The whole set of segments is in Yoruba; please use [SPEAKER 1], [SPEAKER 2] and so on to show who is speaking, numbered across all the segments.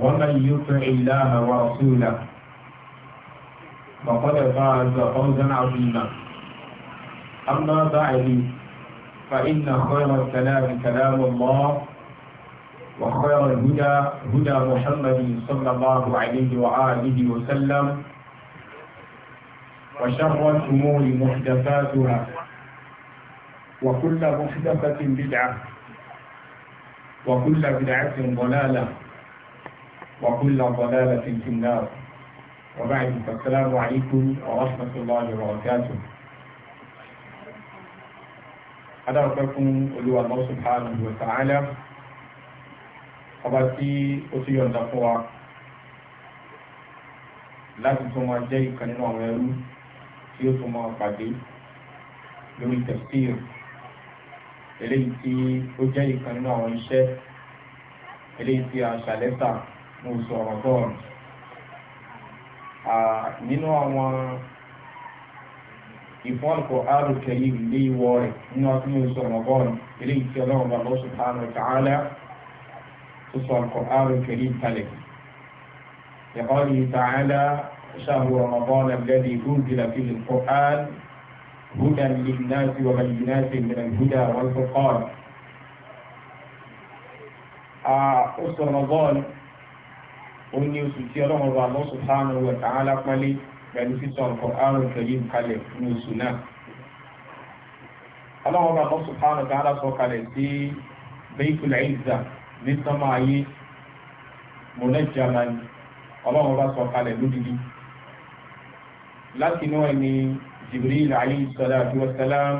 [SPEAKER 1] ومن يطع الله ورسوله فقد فاز فوزا عظيما أما بعد فإن خير الكلام كلام الله وخير الهدى هدى محمد صلى الله عليه وآله وسلم وشر الأمور محدثاتها وكل محدثة بدعة وكل بدعة ضلالة وكل ضلالة في النار وبعد فالسلام عليكم ورحمة الله وبركاته هذا ربكم أولو الله سبحانه وتعالى أبتي أتي الدفوع لا تتما جاي كنين وغيرو يتما قدي لوي تفسير eléyìí tí ó jẹ́ ìkan nínú ní oṣù ọ̀rọ̀gọ́rùn nínú àwọn ìfọ́nkọ̀ àrùkẹ́ yìí lé ìwọ̀ rẹ̀ nínú ọdún oṣù ọ̀rọ̀gọ́rùn ilé ìtì ọlọ́run bá lọ́sù subhanahu wa ta'ala tó sọ al-Qur'an al-Karim kalẹ̀ yaqulu ta'ala shahru ramadan alladhi unzila fihi al-Qur'an هدى للناس وبينات من الهدى والفرقان أسر رمضان ó ní oṣù tí ọlọ́run wa Allah subhanahu wa ta'ala pálí pẹ̀lú sísọ ọ̀pọ̀ àrùn karim kalẹ̀ ní oṣù náà ọlọ́run wa Allah subhanahu wa ta'ala sọ kalẹ̀ sí Baytul Izza ní sọmọ ayé munajjaman ọlọ́run wa sọ kalẹ̀ lódìdí láti náà ni Jibril alayhi salatu wa salam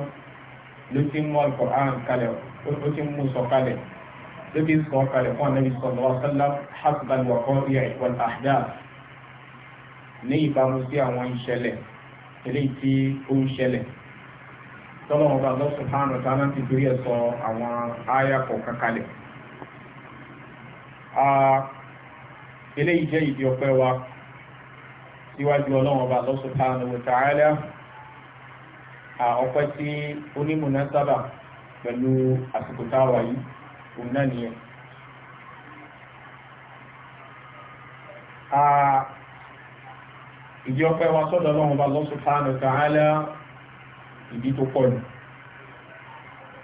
[SPEAKER 1] ló ti mú Al-Qur'an kalẹ̀ ó ti mú sọ kalẹ̀ débi sọ kalẹ̀ fún anabi sallallahu alaihi wasallam hasbal wa qari'a wal ahdath ní ìbámu sí àwọn ìṣẹ̀lẹ̀ eléyìí tí ó ń ṣẹlẹ̀ tọ́lọ́ ọba Allah subhanahu wa ta'ala ti torí ẹ̀ sọ àwọn àyà kọ̀ọ̀kan kalẹ̀. eléyìí jẹ́ ìdí ọpẹ́ wa síwájú ọlọ́run ọba Allah subhanahu wa ta'ala ọpẹ́ tí onímùnà sábà pẹ̀lú àsìkò táwa yìí òun náà nìyẹn. ìdí ọpẹ́ wa sọ́dọ̀ lọ́wọ́ bá Allah subhanahu wa ta'ala ìdí tó pọ̀ nù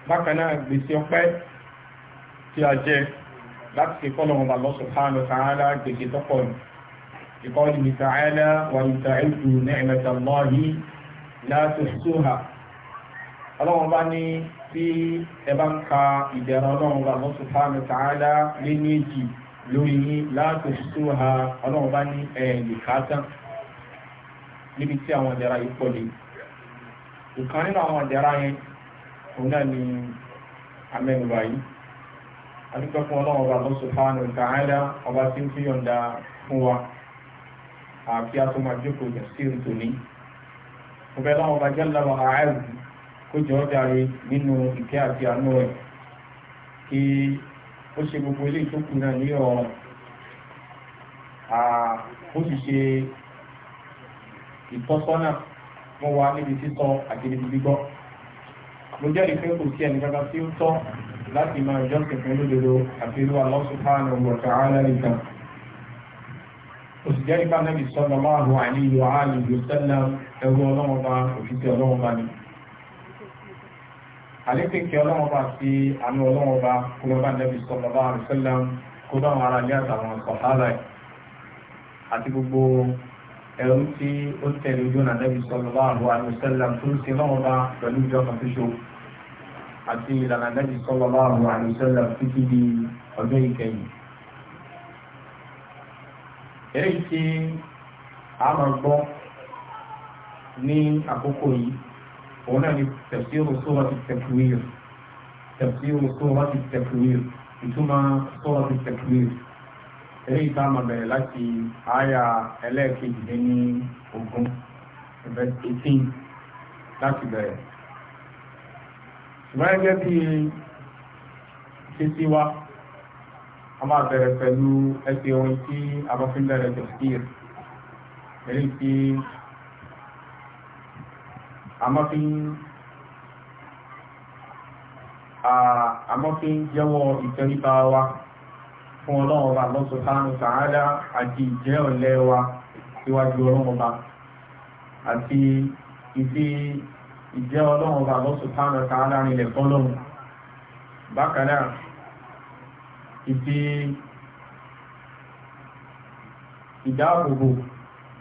[SPEAKER 1] bákan náà gbèsè ọpẹ́ tí a jẹ láti fi kọ́ lọ́wọ́ bá Allah subhanahu wa gbèsè tó pọ̀ nù ìkọ́lù ta'ala wa in ta'uddu ni'matallahi la tuhsuha ọlọ́run bá ní bí ẹ bá ń ka ìdẹ̀rọ ọlọ́run bá lọ́sùn fáàmì tààlà lé ní èjì lórí yín láti sùn ha ọlọ́run bá ní ẹ̀ẹ́dì kàtàn níbi tí àwọn ìdẹ̀ra yìí pọ̀ lé ìkan nínú àwọn ìdẹ̀ra yẹn òun náà ni amẹ́nuba yìí adúgbò fún ọlọ́run bá lọ́sùn fáàmì tààlà ọba tí ń fi yọ̀ǹda fún wa àti àtúmọ̀ àjókòó yẹn ìtòní ọbẹ̀ láwọn bá jẹ́ lọ́wọ́ àárẹ̀ kó jọ dáre nínú ìkẹ́ àti àánú rẹ̀ kí ó ṣe gbogbo ilé ìtókù náà ní ọ̀run ó sì ṣe ìtọ́sọ́nà wọ́n wá níbi títọ àti níbi gbígbọ́ mo jẹ́ ìpín kò sí ẹni kankan tí ó tọ́ láti máa jọ́sìn fún olódodo àti ìlú Allah subhanahu wa ta'ala nìkan òṣìṣẹ́ ìbánabi sallallahu alaihi wa alihi wa sallam ẹrú ọlọ́wọ́ba òṣìṣẹ́ ọlọ́wọ́ba ni àlékèké ọlọ́mọba fi àmì ọlọ́mọba kúlọ́bà nẹ́bí sọ́lọ́bà àrùsẹ́lẹ̀m kó bá wọn ara ní àtàwọn sọ̀hálà àti gbogbo ẹ̀rú tí ó tẹ̀lé ojú ọ̀nà nẹ́bí sọ́lọ́bà àrùsẹ́lẹ̀m tó ń ṣe lọ́mọba pẹ̀lú ìjọ kan ṣoṣo àti ìlànà nẹ́bí sọ́lọ́bà àrùsẹ́lẹ̀m títí di ọjọ́ ìkẹyìn. eré tí a máa gbọ́ ní àkókò yìí òun náà ni tafsiru surati at-takwir tafsiru surati at-takwir ìtumọ̀ surati at-takwir èyí tá a máa bẹ̀rẹ̀ láti àyà ẹlẹ́ẹ̀kejì lé ní ogún verse eighteen láti bẹ̀rẹ̀ ṣùgbọ́n gẹ́gẹ́ bí títí wá a máa bẹ̀rẹ̀ pẹ̀lú ẹsẹ̀ àmọ́ fi ń jẹ́wọ́ ìtẹríba wa fún ọlọ́run ọba lọ́sọ̀ sáánù sàádá àti ìjẹ́ ọ̀lẹ́ wa síwájú ọlọ́run ọba àti ìfi ìjẹ́ ọlọ́run ọba lọ́sọ̀ sáánù sàádá rìnlẹ̀ fọ́lọ́run bákan náà ìfi ìdáàbòbò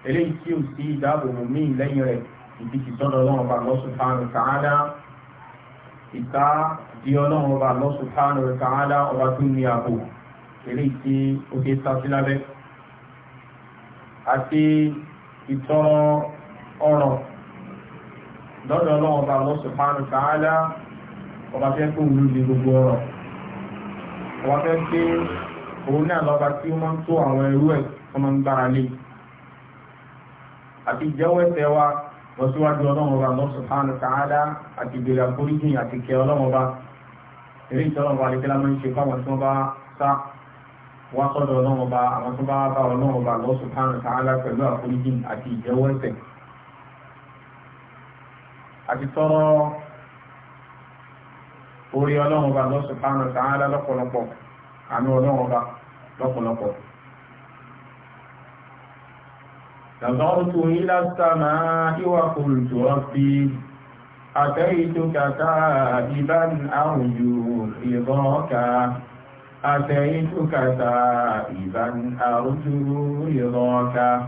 [SPEAKER 1] eléyìí tí ò sí ìdáàbòbò míì lẹ́yìn rẹ̀ ìbí ti tọ́lọ ọlọ́run bá lọ́sùn fáànù káàdá ìta di ọlọ́run bá lọ́sùn fáànù káàdá ọba tó ní ààbò eré tí ó fi sá sí lábẹ́ àti ìtọ́rọ ọ̀rọ̀ lọ́dọ̀ ọlọ́run bá lọ́sùn fáànù káàdá ọba fẹ́ kó wúlú di gbogbo ọ̀rọ̀ ọba fẹ́ pé òun náà lọ́ba tí ó máa ń tó àwọn ẹrú ẹ̀ tó máa ń gbára lé àti ìjẹ́wọ́ ẹsẹ̀ wa wọ́n síwájú ọlọ́run ọba Allah subhanahu wa ta'ala àti ìbèrè àforíjì àti kẹ ọlọ́run ọba eré ìtọ́lọ̀ ọba àdékẹ́lá máa ń ṣe fáwọn tí wọ́n bá sá wá sọ́dọ̀ ọlọ́run ọba àwọn tó bá bá ọlọ́run ọba Allah subhanahu pẹ̀lú àforíjì àti ìjẹ́wọ́ àti tọrọ orí ọlọ́run ọba Allah subhanahu lọ́pọ̀lọpọ̀ àánú ọlọ́run lọ́pọ̀lọpọ̀ نظرت إلى السماء وقلت ربي أتيتك تائبا أرجو رضاك أتيتك تائبا أرجو رضاك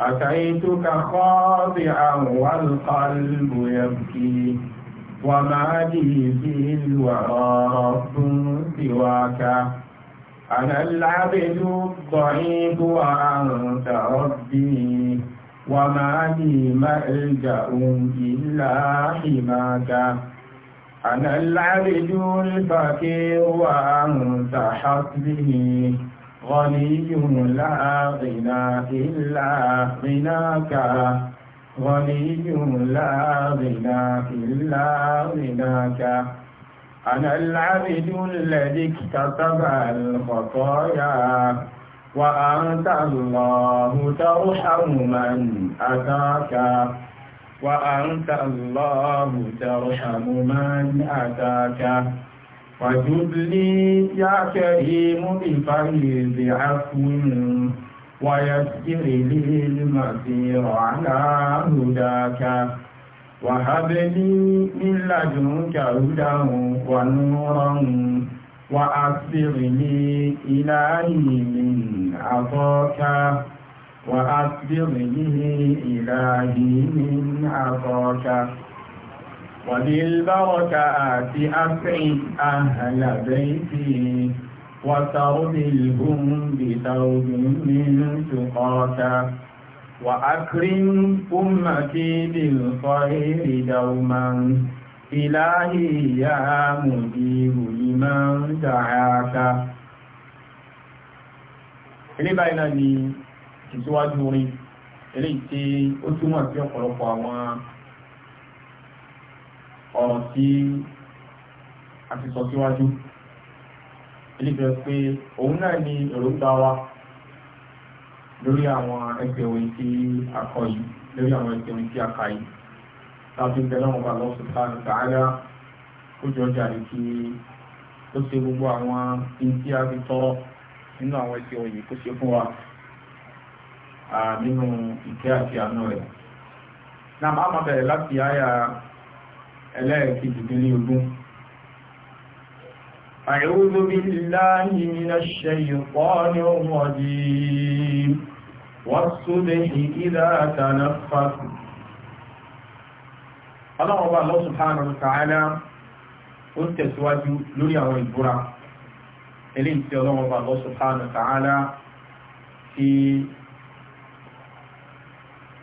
[SPEAKER 1] أتيتك خاضعا والقلب يبكي وما لي في الورى رب سواك أنا العبد الضعيف وأنت ربي وما لي ملجأ إلا حماك أنا العبد الفقير وأنت حسبي غني لا غنى إلا غناك غني لا غنى إلا غناك أنا العبد الذي اكتسب الخطايا وأنت الله ترحم من أتاك وأنت الله ترحم من أتاك وجب لي يا كريم بفيض عفو ويسر لي المسير على هداك وهب لي من لدنك هدى ونورا وأسبغني إلهي من عطاك وأسبغني إلهي من عطاك وبالبركات أسعد أهل بيتي وترضي لهم بثوب من تقاك وأكرم أمتي بالخير دوما إلهي يا مجيب لمن دعاك ilé báyìí náà ni ìtìsíwájú orin eléyìí tí ó túmọ̀ sí ọ̀pọ̀lọpọ̀ àwọn ọ̀rọ̀ tí a ti sọ síwájú eléyìí pé òun náà ni èròǹgbà wa lórí àwọn ẹgbẹ́ òwe tí a kọ yìí lórí àwọn ẹgbẹ́ òwe tí a kà yìí láti bẹ̀rẹ̀ wọn bá lọ subhanahu wa ta'ala ó jọ jàre kí ó ṣe gbogbo àwọn ibi tí a fi tọrọ nínú àwọn ẹgbẹ́ òwe yìí kó ṣe fún wa nínú ìkẹ́ àti àánú rẹ̀. Náà máa bẹ̀rẹ̀ láti àyà ẹlẹ́ẹ̀kejì dín ní ogún. أعوذ بالله من الشيطان الرجيم والصبح إذا تنفس الله الله سبحانه وتعالى ó ń tẹ̀síwájú lórí àwọn ìbúra eléyìí tí ọlọ́run bá Allah subhanahu wa ta'ala tí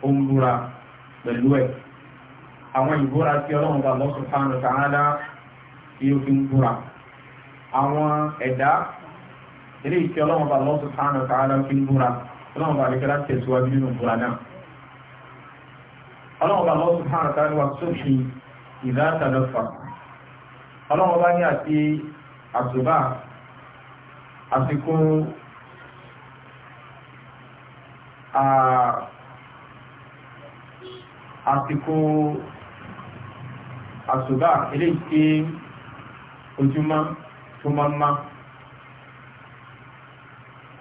[SPEAKER 1] ó ń búra pẹ̀lú ẹ̀ àwọn ìbúra tí ọlọ́run bá Allah subhanahu wa ta'ala tí ó fi ń búra àwọn ẹ̀dá ilé ìtì ọlọ́run bá Allah subhanahu wa ta'ala fi ń búra ọlọ́run bá lẹ́kẹ́lá tẹ̀síwájú nínú búra náà ọlọ́run bá Allah subhanahu wa ta'ala wà sófì ìdátàlọ́fà ọlọ́run bá ní àti àtùbà àsìkò àsìkò àtùbà ilé ìtì ojúmọ́ tó máa má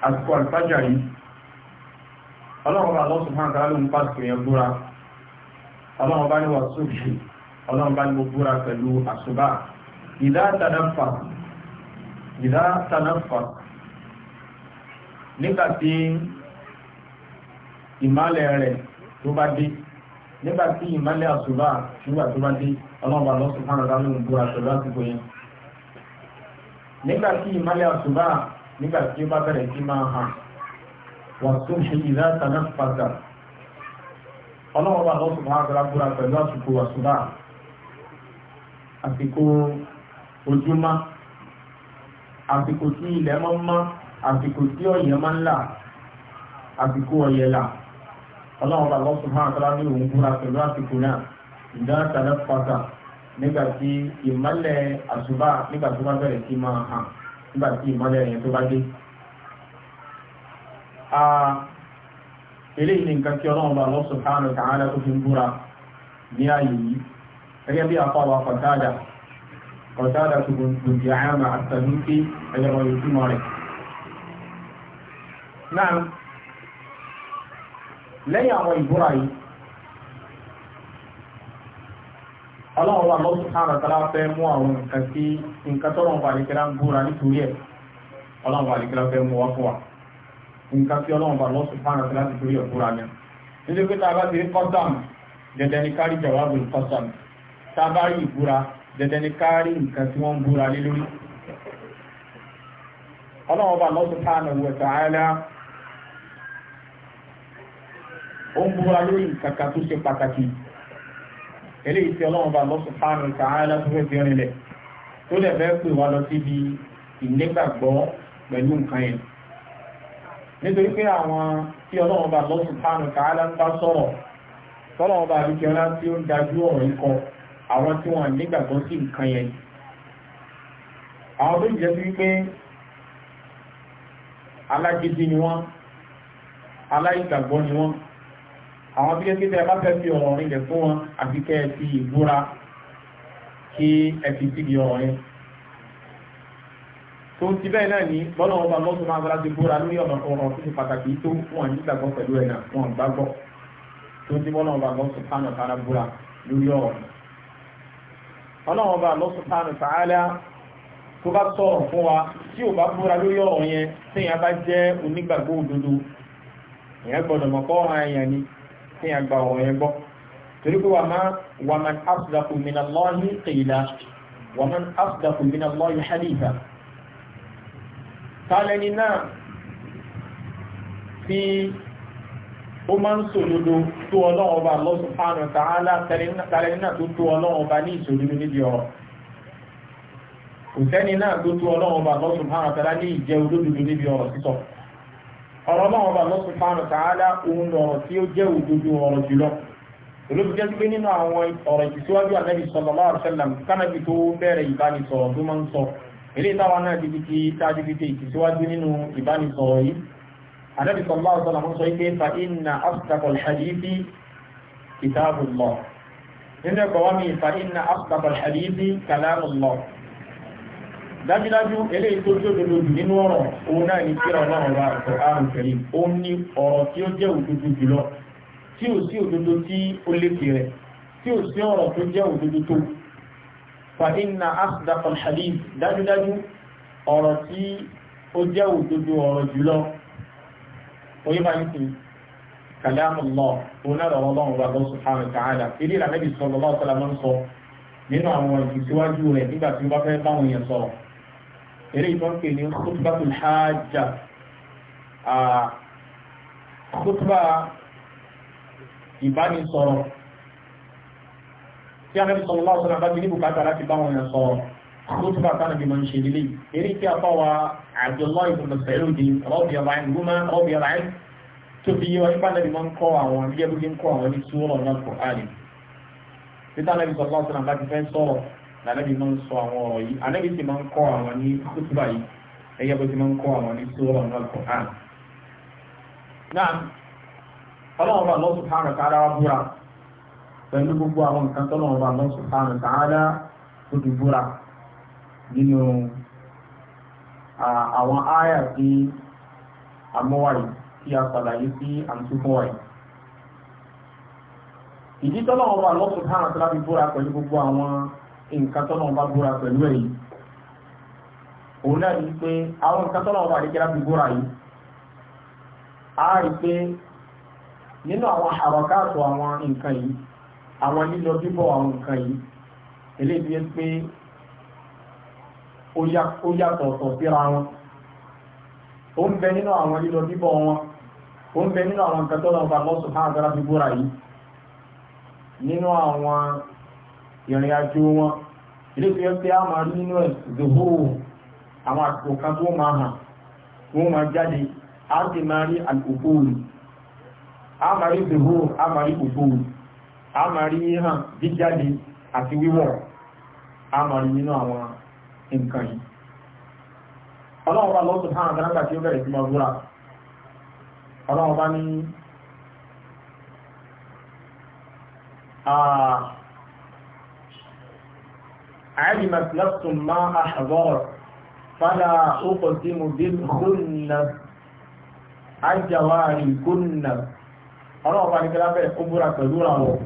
[SPEAKER 1] àsìkò àlùfájà yìí ọlọ́run bá lọ́sùn hàn káà ló ń pàṣẹ yẹn búra ọlọ́run bá ní wà sóbì ọlọ́run bá ní mo búra pẹ̀lú àṣùbà ìdá tànáfà ìdá tànáfà nígbà tí ìmálẹ̀ rẹ̀ tó bá dé nígbà tí ìmálẹ̀ àṣùbà nígbà tó bá dé ọlọ́run bá lọ́sùn hàn káà ló ń búra pẹ̀lú àsìkò nígbà tí ìmọ́lẹ̀ àsùbá nígbà tí ó bá bẹ̀rẹ̀ sí máa hàn wọ́n tún ṣe ìlà tàná pàtà ọlọ́wọ́ bá lọ́sùn máa gbára búra pẹ̀lú àsìkò àsùbá àsìkò ojúmọ́ àsìkò tí ilẹ̀ máa ń mọ́ àsìkò tí ọ̀yẹ́ máa ń là àsìkò ọ̀yẹ́ là ọlọ́wọ́ bá máa gbára ní òun búra pẹ̀lú àsìkò náà ìdá tàná pàtà nígbà tí ìmọ́lẹ̀ àṣùbà nígbà tó bá bẹ̀rẹ̀ sí máa hàn nígbà tí ìmọ́lẹ̀ yẹn tó bá dé. eléyìí ni nǹkan tí ọlọ́run bá lọ́sùn káàánú káàánú tó fi ń búra ní ààyè yìí gẹ́gẹ́ bí apá wa kọ̀tádà kọ̀tádà tó gbòǹdì àyàmà àtàlùkì ẹ̀yẹ̀rọ ìtumọ̀ rẹ̀. náà lẹ́yìn àwọn ìbúra yìí ọlọ́run wà lọ́sùn sáàrà tàbí fẹ́ mú àwọn nǹkan sí nǹkan tọ́rọ̀ wà nìkẹ́lá ń búra nítorí ẹ̀ ọlọ́run wà nìkẹ́lá fẹ́ mú wá fún wa nǹkan tí ọlọ́run wà lọ́sùn sáàrà tàbí nítorí ẹ̀ búra ni nílé pé tàbá ti rí kọ́sàm dẹ̀dẹ̀ ní kárí jọ̀wábù kọ́sàm tàbá rí ìbúra dẹ̀dẹ̀ ní kárí nǹkan tí wọ́n ń búra lé lórí ọlọ́run wà lọ́sùn sáàrà tàbí ó ń búra lórí nǹkan kan tó ṣe pàtàkì eléyìí tí ọlọ́run bá Allah subhanahu wa ta'ala tó fẹ́ fi rinlẹ̀ tó lè fẹ́ pè wá lọ síbi ìnígbàgbọ́ pẹ̀lú nǹkan yẹn nítorí pé àwọn tí ọlọ́run bá Allah subhanahu wa ta'ala ń bá sọ̀rọ̀ tọ́lọ́run bá àbíkẹ́ ọlá tí ó ń dájú ọ̀rọ̀ ikọ̀ àwọn tí wọ́n nígbàgbọ́ sí nǹkan yẹn àwọn tó jẹ́ sí pé alágídí ni wọ́n aláìgbàgbọ́ ni wọ́n àwọn bí kẹ́kẹ́ bá fẹ́ fi ọ̀rọ̀ rìn lẹ̀ fún wọn àti kẹ́ ẹ fi ìbúra kí ẹ fi ọ̀rọ̀ tó ti bẹ́ẹ̀ náà ní bọ́lá ọba lọ́sùn máa gbára ti búra lórí ọ̀nà ọ̀rọ̀ tó ṣe pàtàkì tó wọn nígbàgbọ́ pẹ̀lú ẹ̀ wọn gbàgbọ́ tó ti bọ́lá ọba lọ́sùn fánà tààrà búra lórí ọ̀rọ̀ ọlọ́run ọba lọ́sùn fánà tààrà tó bá sọ̀rọ̀ fún wa tí ò bá búra lórí ọ̀rọ̀ yẹn tí bá jẹ́ onígbàgbọ́ òdodo gbọ́dọ̀ ọ̀ràn ni kí a gba ọ̀rọ̀ yẹn gbọ́ torí pé wà man asdaqu minallahi qila wà man asdaqu minallahi haditha tálẹ́ni náà tí ó máa ń sòdodo tó ọlọ́run ọba Allah subhanahu wa ta'ala tálẹ́ni náà tó tó ọlọ́run ọba ní ìsòdodo níbi ọ̀rọ̀ kò sẹ́ni náà tó tó ọlọ́run ọba Allah subhanahu wa ní ìjẹ́ olódodo níbi ọ̀rọ̀ sísọ ọ̀rọ̀ náà ọba lọ́sù fáànù tààlà òun lọ̀rọ̀ tí ó jẹ́ òdodo ọ̀rọ̀ jùlọ olóbi jẹ́ pé nínú àwọn ọ̀rọ̀ ìtìsíwájú ànábì sallallahu alaihi wasallam kánábì tó bẹ̀rẹ̀ ìbánisọ̀rọ̀ tó máa ń sọ dájúdájú eléyìí tó tí ó dodo jù nínú ọ̀rọ̀ òun náà ní kíra ọlọ́run wa ọ̀tọ̀ àrùn kẹrin ó ní ọ̀rọ̀ tí ó jẹ́ òdodo jùlọ tí ò sí òdodo tí ó lékè rẹ̀ tí ò sí ọ̀rọ̀ tó jẹ́ òdodo tó fa inna asdaq alhadith dájúdájú ọ̀rọ̀ tí ó jẹ́ òdodo ọ̀rọ̀ jùlọ oye máa ń sìn kàlámù lọ òun náà lọ́wọ́ lọ́wọ́ lọ́wọ́ subhanahu wa ta'ala ìlànà ìbí lọ́wọ́ sọ̀rọ̀ máa ń sọ nínú àwọn ìfìsíwájú rẹ̀ nígbà tí ó bá fẹ́ báwọn èèyàn sọ̀rọ̀ eré ìtọ́nkè ní khutbatul hajja khutba ìbánisọ̀rọ̀ tí a fẹ́ sọ̀rọ̀ láwọ́ sọ́nà bá ti ní bùkátà láti bá wọn sọ̀rọ̀ khutba tánà bí ma ń ṣe lílé eré tí a fọ́wà Abdullahi ibn Mas'ud radiyallahu anhuma radiyallahu anhu tó fi yíwa ipá nàbí ma ń kọ́ àwọn ilé ẹgbẹ́ ń kọ́ àwọn ní tí tánà bí sọ̀rọ̀ láwọ́ lànàbí máa ń sọ àwọn ọ̀rọ̀ yìí ànàbí sì máa ń kọ́ àwọn ní kútùbà yìí ẹ̀yẹ́ bó ti máa ń kọ́ àwọn ní sọ́rọ̀ náà kọ̀ hàn. náà ọlọ́run bá lọ́sùn hàn kára wá búra pẹ̀lú gbogbo àwọn nǹkan tọ́lọ́run bá lọ́sùn hàn kára tó ti búra nínú àwọn áyà tí amọ́wáyì tí a sàlàyé sí àǹtúfọ́wáyì ìdí tọ́lọ́run bá lọ́sùn hàn kára búra pẹ̀lú gbogbo nǹkan tọ́lọ́wọ́ bá búra pẹ̀lú ẹ̀ yìí a nínú àwọn àrọ̀káàtò àwọn nǹkan yìí àwọn lílọ bíbọ̀ àwọn nǹkan yìí eléyìí pé ó yàtọ̀ ọ̀tọ̀ síra wọn ó ń bẹ nínú àwọn lílọ bíbọ̀ wọn ó ń bẹ nínú àwọn ilé tó yẹ pé a máa nínú ẹ̀ zòhóró àwọn àkókò tó máa hàn tó máa jáde a ti máa rí àkókòrò a máa rí a máa rí a máa rí hàn jíjáde àti a máa rí nínú àwọn nǹkan yìí ọlọ́run bá lọ́sùn hàn علمت نفس ما أحضرت فلا أقسم بالخنس الجوار الكنس ọlọ́run bá ní kí lábẹ́ ó búra pẹ̀lú ìràwọ̀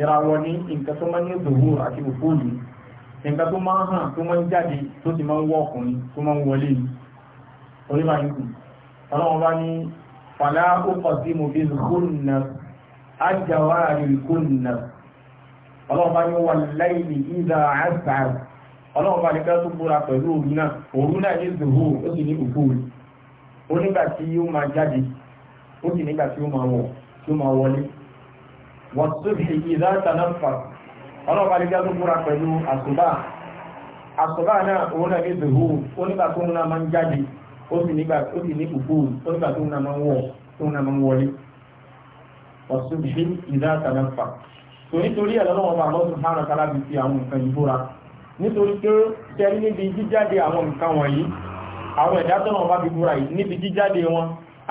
[SPEAKER 1] ìràwọ̀ ní nǹkan tó máa ń ní ìdòwò àti òfóòlù nǹkan tó máa ń hàn tó máa ń jáde tó sì máa ń wọ ọkùnrin tó máa ń wọlé ní orílẹ̀ ìkù ọlọ́run bá ní fàlà ó kọ̀ sí mo bí kúnnà ájáwá àrí kúnnà ọlọ́run bá ní wà láìlì ìdá àṣàr ọlọ́run bá ní ká tó búra pẹ̀lú òru náà òru náà ní zòwò ó sì ní òkú rẹ̀ ó nígbà tí yóò máa jáde ó sì nígbà tí yóò máa wọ̀ tí ó máa wọlé wọ́n tó fi ìdá tànáfà ọlọ́run bá ní ká tó búra pẹ̀lú àsùbá àsùbá náà òun náà ní zòwò ó nígbà tó náà máa ń jáde ó sì nígbà ó sì ní òkú rẹ̀ ó nígbà tó náà máa ń wọ̀ tó náà máa ń wọlé wọ́n tó fi ìdá tànáfà tò nítorí ẹ̀ lọ́wọ́ bá lọ́sùn hánà tálá fi fi àwọn nǹkan yìí bóra nítorí pé tẹ́rí níbi jíjáde àwọn nǹkan wọ̀nyí àwọn ẹ̀dá tọ́nà bá fi bóra yìí níbi jíjáde wọn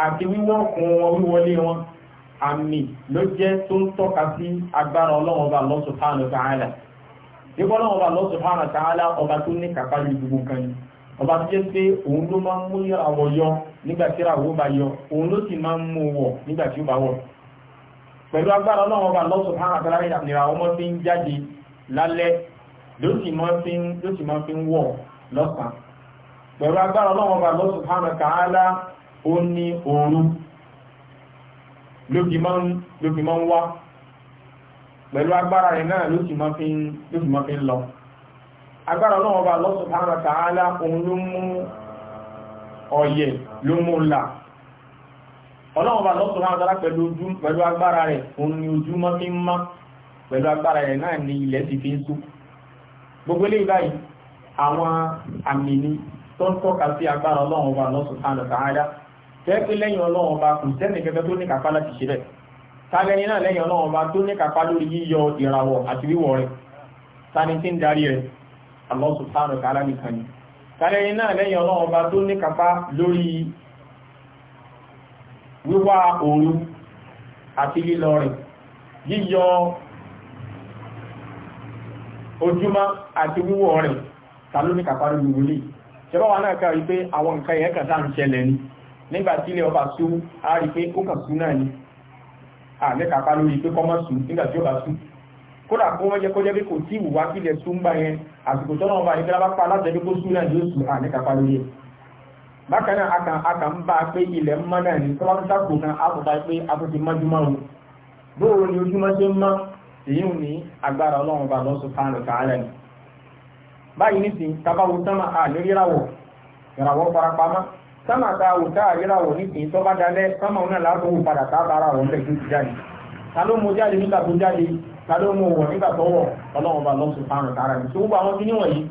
[SPEAKER 1] àti wíwọ́kùn wọn wíwọlé wọn àmì ló jẹ́ tó ń tọ́ka sí agbára ọlọ́wọ́ bá lọ́sùn hánà tálá nípa ọlọ́wọ́ bá lọ́sùn hánà tálá ọba tó ní kàkà ní gbogbo nǹkan yìí ọba pẹ̀lú agbára ọlọ́run ọba Allah subhanahu wa ta'ala ìdàmìnira ọmọ fi ń jáde lálẹ́ ló sì máa fi ń wọ̀ lọ́sàn pẹ̀lú agbára ọlọ́run ọba Allah subhanahu wa ta'ala ó ní oorun ló fi máa ń wá pẹ̀lú agbára rẹ̀ náà ló sì máa fi ń lọ agbára ọlọ́run ọba Allah subhanahu wa ta'ala òun ló mú ọyẹ̀ ọlọ́run bá lọ́sọ̀rọ̀ àwọn ọ̀dọ́lá pẹ̀lú ojú pẹ̀lú agbára rẹ̀ òun ni ojúmọ́ fi ń mọ́ pẹ̀lú agbára rẹ̀ náà ni ilẹ̀ ti fi ń sú gbogbo eléyìí báyìí àwọn àmì ni tó ń tọ́ka sí agbára ọlọ́run bá lọ́sọ̀rọ̀ àwọn ọ̀dọ́lá àádá jẹ́ pé lẹ́yìn ọlọ́run bá kù sẹ́ni kẹfẹ́ tó ní kápá láti ṣe rẹ̀ tágẹni tani tí ń Allah subhanahu wa ta'ala nìkan ni tágẹni náà lẹ́yìn ọlọ́run bá wíwá òru àti lílọ rẹ̀ yíyọ ojúmọ́ àti wíwọ̀ rẹ̀ tàbí ní kàfàrí wùwúlì ṣẹbọ́ wa náà kàrí pé àwọn nǹkan yẹn kàtà ń ṣẹlẹ̀ ni nígbàtí ilẹ̀ ọba sú a rí pé ó kà sú náà ni a ní kàfà lórí pé kọ́mọ́ sú nígbàtí ọba sú kódà kó wọ́n jẹ́ kó jẹ́ pé kò tí ìwùwá kílẹ̀ sú ń gbà yẹn àsìkò tọ́nà ọba ìgbàlápá alájẹ́ pé kó sú náà ni ó sú a ní kàfà lórí bakana aka aka akan bá a pé ilẹ̀ ń mọ́ náà ní tó bá tó sàkó kan á tó pé a o bóòrò ni ojúmọ́ ṣe ń mọ́ èyí ò ní agbára ọlọ́run bá lọ́sùn fáànù káàlẹ̀ ni báyìí nísìnyí tabawo ìràwọ̀ farapamọ́ ta òtá àríràwọ̀ nísìnyí tó bá dalẹ̀ sánmà òun náà wò padà tá a wọn tó ti jáde ta ló mú jáde nígbà tó jáde ta ló ni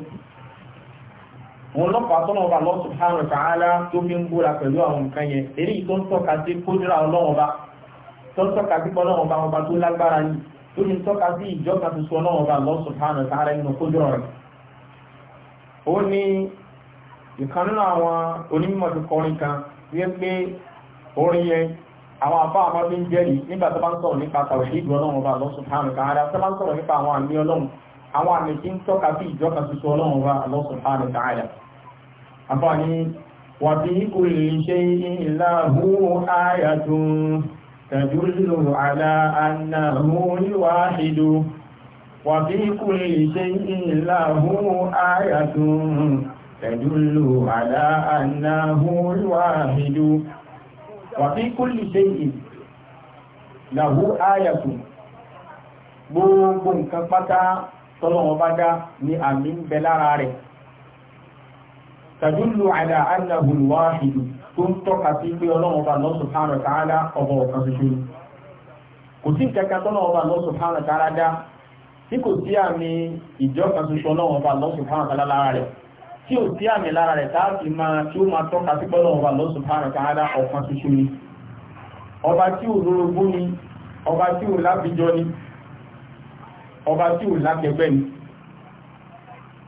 [SPEAKER 1] wọn lọ́pàá tọ́nà ọba Allah subhanahu wa ta'ala tó fi ń búra pẹ̀lú àwọn nǹkan yẹn èyí tó ń tọ́ka sí kódìrà ọlọ́wọ́n bá tó ń tọ́ka sí ọlọ́wọ́n bá ọba tó lágbára ní tó fi ń tọ́ka sí ìjọba tuntun ọlọ́wọ́n bá Allah subhanahu wa ta'ala nínú kódìrà rẹ̀. ó ní ìkan nínú àwọn onímọ̀ tó àbá àmọ́ ń jẹ́rìí nígbà bá ń sọ̀rọ̀ nípa tàwọn ìdí ọlọ́wọ́n bá Allah subhanahu wa ń sọ̀rọ̀ nípa àwọn àmì ọlọ́wọ́n àwọn àmì tí ń tọ́ka sí ìjọka tuntun ọlọ́run wa Allah subhanahu wa ta'ala àfààní wà fi kulli shay'in lahu ayatun tadullu ala annahu al-wahidu wà fi kulli shay'in lahu ayatun tadullu ala annahu al wà fi kulli shay'in lahu ayatun gbogbo tọ́lọ́wọ́n bá dá ní àmì ń bẹ lára rẹ̀ tàdúlù àdá annahul wahidu tó ń tọ́ka sí pé ọlọ́wọ́n bá Allah subhanahu wa ta'ala ọba ọ̀kan ṣoṣo ni kò sí ìkẹta tọ́lọ́wọ́n bá Allah subhanahu wa ta'ala dá tí kò sí ọba tí ò lórogún ni ọba tí ò lábìjọ ni ọba tí ò lákẹgbẹ́ ni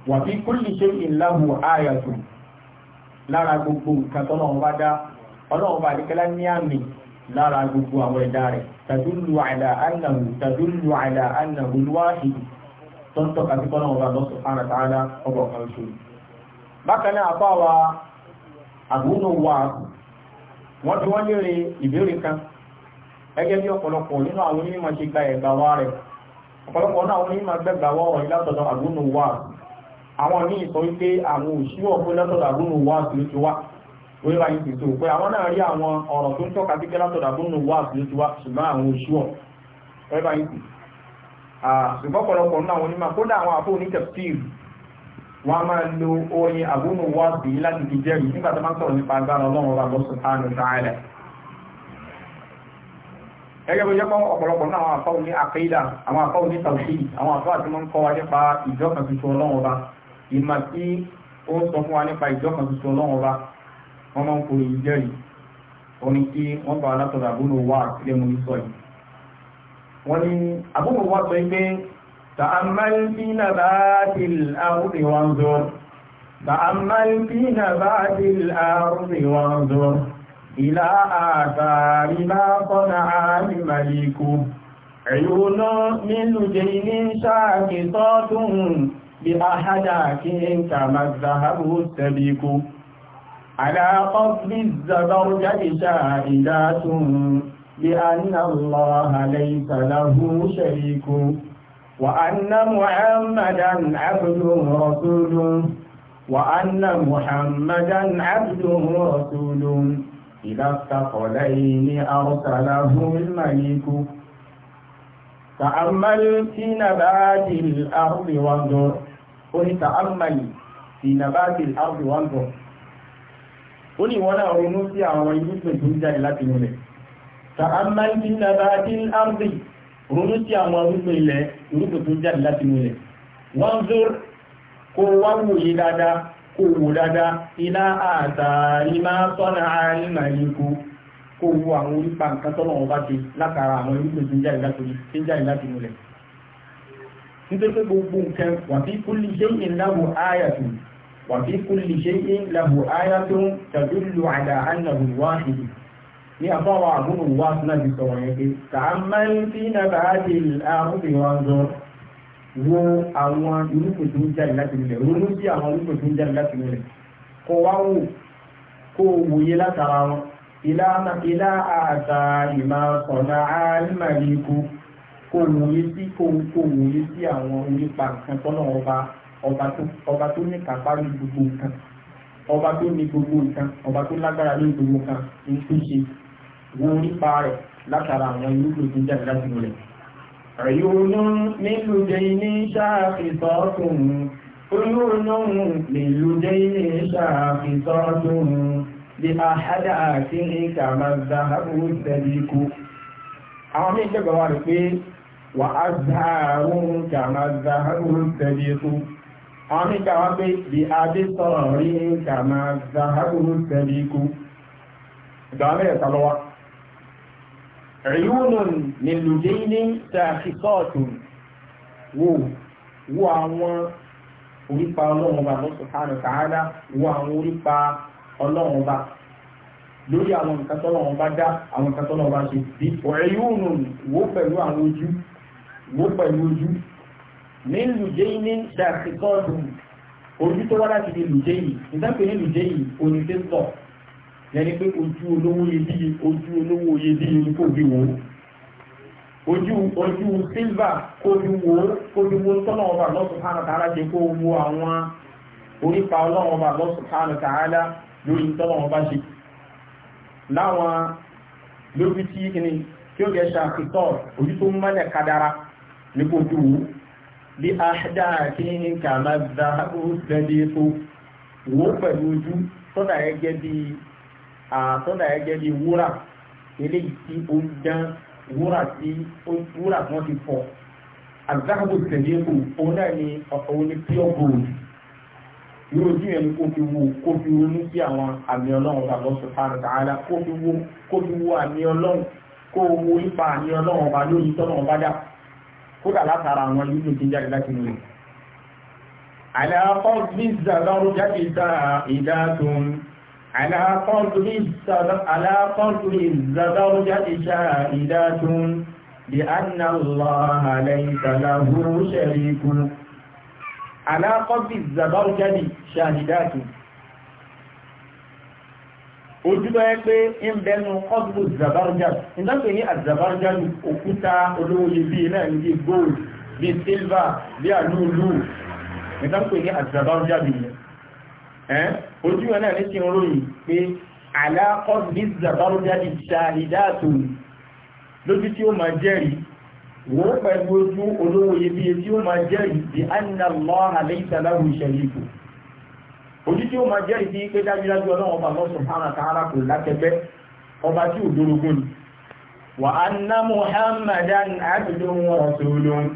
[SPEAKER 1] wà fi kulli shay'in lahu ayatun lára gbogbo nǹkan tọ́lọ́run bá dá ọlọ́run bá àdékẹ́lá ní àmì lára gbogbo àwọn ẹ̀dá rẹ̀ tadullu ala annahu tadullu ala annahu al-wahid tó ń tọ́ka sí wa àbúrò wa wọ́n ti wọ́n lérè ìbéèrè kan gẹ́gẹ́ bí ọ̀pọ̀lọpọ̀ nínú àwọn onímọ̀ ṣe gba ẹ̀gbà wa rẹ̀ ọ̀pọ̀lọpọ̀ náà wọ́n ní ma gbẹ́gbà wọ́n ìlàtọ̀dọ̀ àgúnnù wà àwọn ní ìsọ wípé àwọn òṣìwọ̀ pé látọ̀dọ̀ àgúnnù wà sí ló ti wá orí bá yìí ti tó pé àwọn náà rí àwọn ọ̀rọ̀ tó ń tọ́ka sí pé látọ̀dọ̀ àgúnnù wà sí ló ti wá ṣùgbọ́n àwọn òṣìwọ̀ orí bá yìí ti ṣùgbọ́n ọ̀pọ̀lọpọ̀ náà wọ́n ní ma kódà àwọn àpò ní tẹ̀síìr wọ́n máa lo orin àgúnnù ẹgbẹ́ bó jẹ́pọ̀ ọ̀pọ̀lọpọ̀ náà àwọn afáwọn ní àkídà àwọn afáwọn ní tàwùsí àwọn afáwọn tí wọ́n ń kọ́ wa nípa ìjọkan tuntun ọlọ́run ọba ìmọ̀ tí ó ń sọ fún wa nípa ìjọkan tuntun ọlọ́run ọba wọ́n máa ń kó èyí jẹ́rìí oní kí wọ́n bá alátọ̀dọ̀ àbúrò wà sílẹ̀ mú sọ yìí wọ́n ní àbúrò wà sọ pé ta'ammal fi nabatil ardi wanzur ta'ammal fi nabatil إلى آثار ما صنع الملك عيون من لجين ساقطات بأحداك كما الذهب السبيك على قصر الزبرجد شاهدات بأن الله ليس له شريك وأن محمدا عبد رسول وأن محمدا عبده رسول إلى الثقلين أرسله الملك تأمل في نبات الأرض وانظر قل تأمل في نبات الأرض وانظر ó ní wọ́n náà ronú sí àwọn irúgbìn tó ń jáde láti ilẹ̀ tààmà ń bí nàbà tí kò wò dáadáa ilá àtàrí máa tọ́nà àárín màlíkù kò wò àwọn orípa nǹkan tọ́nà wọn bá ti látara àwọn irúgbìn tí ń jáde láti orí tí ń jáde láti múlẹ̀ nítorí pé gbogbo nǹkan wà fi kulli shay'in lahu ayatun wà fi kulli shay'in lahu ayatun tadullu ala annahu wahid ní àbáwọ̀ àbúrò wá náà ti sọ̀rọ̀ yẹn pé kàá máa ń fi nàbàá ti wo àwọn irúgbìn tó ń jáde láti nílẹ̀ ronú sí àwọn irúgbìn tó ń jáde láti nílẹ̀ kọ wá wò kó wòye látara wọn ilá àtà ìmọ̀ ọ̀nà àìmọ̀lẹ́kù kó wòye sí kó wòye sí àwọn onípa nǹkan tọ́nà ọba ọba tó ní kápá ní gbogbo nǹkan ọba tó ní gbogbo nǹkan ọba tó lágbára ní gbogbo nǹkan ní tó ṣe wo onípa rẹ̀ látara àwọn irúgbìn tó ń jáde láti nílẹ̀. عيون من لدين شاخصات عيون من لدين شاخصات بأحداثه كما الذهب السبيك àwọn míì kẹgbà wà rẹ̀ pé wà á záàrùn kàmà záàrùn tẹ̀lẹ̀kú àwọn míì kàwà pé bí adé sọ̀rọ̀ rí kàmà záàrùn tẹ̀lẹ̀kú ìgbà ríúnùn nílùdé ní tàfikọ́ọ̀tù wo wo àwọn orípa ọlọ́run ọba lọ́sùn hánà tààdá wo àwọn orípa ọlọ́run ọba lórí àwọn nǹkan tọ́lọ́run ọba dá àwọn nǹkan tọ́lọ́run ọba ṣe bí ríúnùn wo pẹ̀lú àwọn ojú wo pẹ̀lú ojú nílùdé ní tàfikọ́ọ̀tù ojú tó wá láti di lùdé yìí ìdápẹ́ ní lùdé yìí oníṣẹ́ sọ̀rọ̀ yẹni pé ojú olówó iyebíye ojú olówó iyebíye ni kò fi wò ó ojú ojú sílvà kò fi wò ó kò fi wò ó tọ́nà ọba Allah subhanahu wa ta'ala ṣe kó wo àwọn orípa ọlọ́run ọba Allah subhanahu wa lórí tọ́nà ọba ṣe láwọn lóbi tí kìíní tí ó gẹ̀ ṣàkìtọ̀ ojú tó ń mọ́lẹ̀ kadara ní kò fi wò ó bí àṣdá kí ní kàmá dáhùn sẹ́dí wò pẹ̀lú ojú tọ́nà ẹgẹ́ bíi àtọ́dà ẹ jẹ́ bí wúrà eléyìí tí ó ń dán wúrà tí wúrà tí wọ́n ti fọ̀ àgbàgbò tẹ̀lé kù òun náà ni òun ni pure gold irú ojú yẹn kó fi wo kó fi ronú sí àwọn àmì ọlọ́run ọba lọ́sùn fáàrọ̀ kó fi wo kó fi wo àmì ọlọ́run kó wo ipa àmì ọlọ́run ọba lórí tọ́nà ọba dà kódà látara àwọn ìlú tó jáde láti nù rẹ̀. bí zàlọ́rù jáde dáa ìdá tó ń على قدر الزبرجة شاهدة لأن الله ليس له شريك على قدر الزبرجة شاهدة ojúlọ ẹgbẹ́ ìbẹnu ọdún zabarjad ìdájọ́ ní àzabarjad òkúta olówó ibi náà ní gold bí silver bí àlúlù ìdájọ́ ní àzabarjad ojú wọn náà ní ti ń ròyìn pé aláàkọ́ ní zabarúdá ìṣàhídáàtò lójú tí ó máa jẹ́rìí wọ́n pẹ̀lú ojú olówó iyebíye tí ó máa jẹ́rìí bí anna Allaha laysa lahu shariku ojú tí ó máa jẹ́rìí sí pé dájúdájú ọlọ́run ọba Allah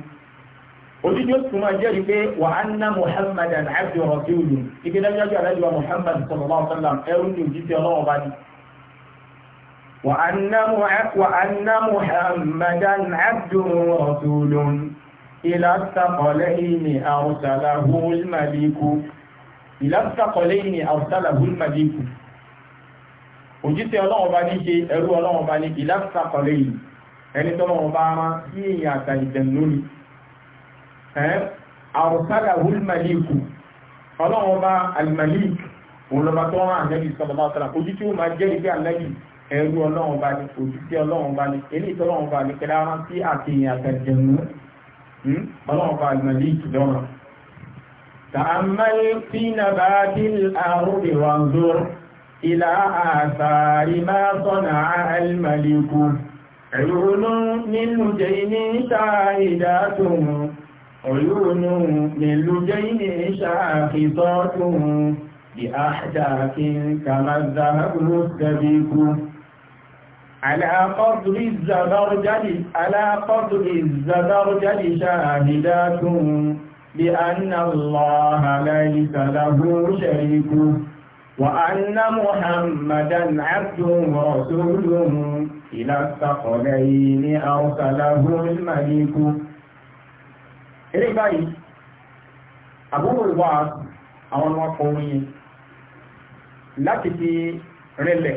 [SPEAKER 1] òjijì ó tún máa jẹ́rìí pé wà á ná muhammadan abdu rasulu ike dájúdájú alájú wa muhammad sallallahu alaihi wa sallam ẹrú ni òjijì ọlọ́wọ́ bá ní. wà á ná muhammadan abdu rasulu ilà sàkọlẹ́yìn ni àwùsàlàhù màlíkù ilà sàkọlẹ́yìn ni àwùsàlàhù màlíkù òjijì ọlọ́wọ́ bá ní ṣe ẹrú ọlọ́wọ́ bá ní ilà sàkọlẹ́yìn ẹni tọ́lọ́wọ́ bá rán sí ìyàtà ìdẹ̀lórí àrùsága hulmaliku ọlọ́wọ́n bá almalik olọba tó rán ànẹ́bí sọlọ́bà sọlá ojú tí ó máa jẹ́ ìgbé ànẹ́bí ẹrú ọlọ́wọ́n bá ní ojú tí ọlọ́wọ́n bá hmm? ní eléyìí tọ́lọ́wọ́n bá ní kẹlẹ́ ara sí àtìyìn عيون من لجين شاخصات بأحداث كما الذهب مستبيك على قدر الزبرجد على قدر الزبرجد شاهدات بأن الله ليس له شريك وأن محمدا عبده رسوله إلى الثقلين أرسله الملك eré báyìí àbúrò ìwà àwọn ọmọ ọkọ̀ orin láti fi rẹlẹ̀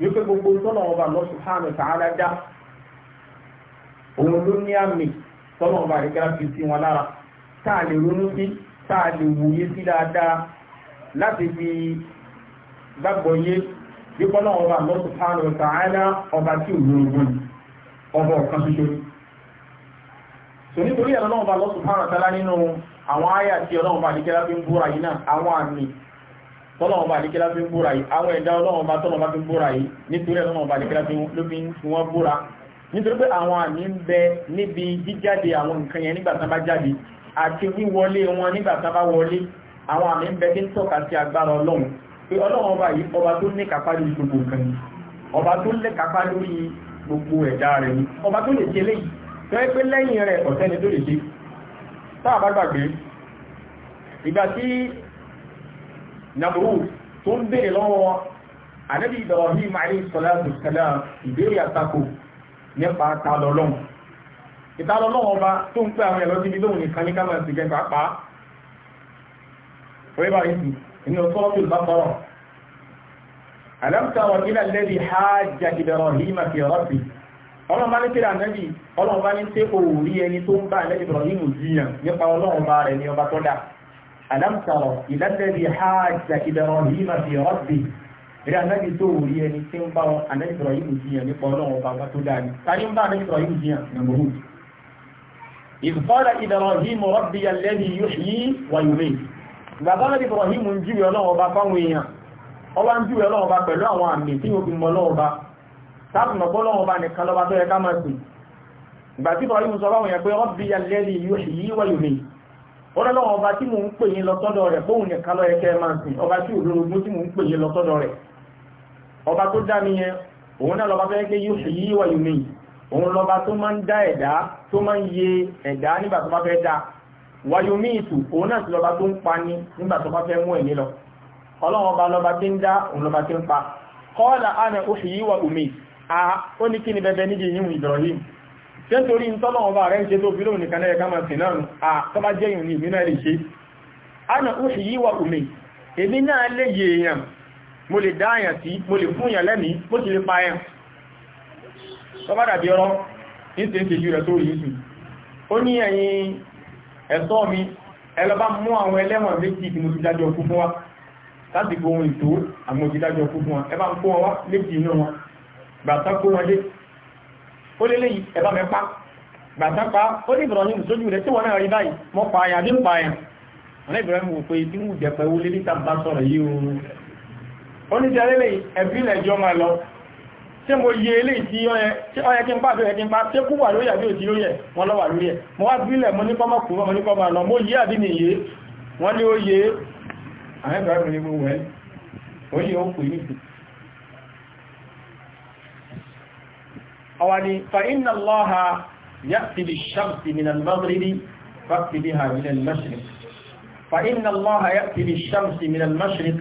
[SPEAKER 1] wípé gbogbo tọ́nà ọba lọ subhanahu ta'ala dá òun ló ní àmì tọ́nà ọba àríkẹ́lá fi sí wọn lára táà lè ronú sí táà lè wòye sí dáadáa láti fi gbàgbọ́ yé wípé náà ọba lọ subhanahu ta'ala ọba tí ò lóògùn ọba ọ̀kan ṣoṣo ni so nítorí ẹ̀rọ náà bá lọ subhanahu wa ta'ala nínú àwọn àyà tí ọlọ́run bá nìkẹ́lá fi ń búra yìí náà àwọn àmì tọ́lọ́run bá nìkẹ́lá fi ń búra yìí àwọn ẹ̀dá ọlọ́run bá tọ́lọ́run bá fi ń búra yìí nítorí ẹ̀rọ náà bá nìkẹ́lá fi wọ́n búra nítorí pé àwọn àmì ń bẹ níbi jíjáde àwọn nǹkan yẹn nígbà tán bá jáde àti wíwọlé wọn tó ẹgbẹ́ lẹ́yìn rẹ̀ ọ̀tẹ́ni tó lè ṣe táà bá gbàgbé ìgbà tí nàbúrú tó ń bèèrè lọ́wọ́ ànábì Ibrahim alayhi salatu ìbéèrè àtakò nípa tàlọ́lọ́n ìtàlọ́lọ́n ọba tó ń pẹ́ ọlọ́run bá ní kíra nẹ́bì ọlọ́run bá ní tí ó rí ẹni tó ń bá ẹlẹ́bì Ibrahim jiyàn nípa ọlọ́run bá rẹ̀ ní ọba tó dá alámsàrọ̀ ìlẹ́tẹ̀lẹ̀ hajjá Ibrahim fi rabbi rí anẹ́bì tó rí ẹni tí ń bá ẹlẹ́bì Ibrahim jiyàn nípa ọlọ́run bá tó dá ni ta ń bá ẹlẹ́bì Ibrahim jiyàn nàmúrú ìfọ́lá Ibrahim rabbi alladhi yuhyi wa sáàmù ọgbọ́lọ́wọ́ bá nìkan lọ́wọ́ tó yẹ ká máa pè ìgbà tí Ibrahim sọ báwọn yẹn pé rabbi alladhi yuhyi wa yumiit ọlọ́lọ́wọ́ ọba tí mò ń pè yín lọ́tọ́dọ̀ rẹ̀ bóun nìkan ló yẹ kẹ́ máa sìn ọba tí òdòdó tí mò ń pè yín lọ́tọ́dọ̀ rẹ̀ ọba tó dá mi yẹn òun náà lọ́ba tó yẹ pé yuhyi wa yumiit òun lọ́ba ana uhyi wa umiit ó ní kí ni bẹ̀bẹ̀ níbi yíhun Ibrahim tí ó torí tọ́lọ̀ ọba rẹ̀ ń ṣe tó bílò nìkan náà kama sí náà à jẹ́yìn ní ìmìnà lè ṣe ana ó sì yíwa umi èmi náà lè yẹ èèyàn mo lè dá àyàn mo lè fún èèyàn lẹ́mìí pa àyàn tó bá dàbí ọ̀rọ̀ ní ṣe ń ṣe ju rẹ̀ tó rí sùn ó ní ẹ̀yin ẹ̀tọ́ mi ẹlọba mú àwọn ẹlẹ́wọ̀n méjì tí mo gbàtán kó wọn dé ó lé léyìí ẹ̀bá mẹ́pá gbàtán pa ó ní Ibrahim sójú rẹ̀ tí wọ́n náà rí báyìí mọ́ pa àyà bí ń pa àyà wọn ní Ibrahim wò pé bí wù jẹ̀pẹ̀ wo lé níta bá sọ̀rọ̀ yìí o ó ní ti alẹ́lẹ́ ẹ̀bí lẹ́jọ́ máa lọ tí mo yẹ eléyìí tí ọyẹ kí n bá bẹ̀rẹ̀ kí n bá tí kú wà lórí àbí òtí lórí ẹ̀ wọn lọ wà lórí ẹ̀ mo wá bílẹ̀ mo ní kọ́ máa mo ní kọ́ lọ mo yé àbí nìyé wọ́n ní ó yé àwọn ìbára ní gbogbo ẹ̀ ó yé ó kù ní ìsìn أولي فإن الله يأتي بالشمس من المغرب فأتي بها من المشرق فإن الله يأتي بالشمس من المشرق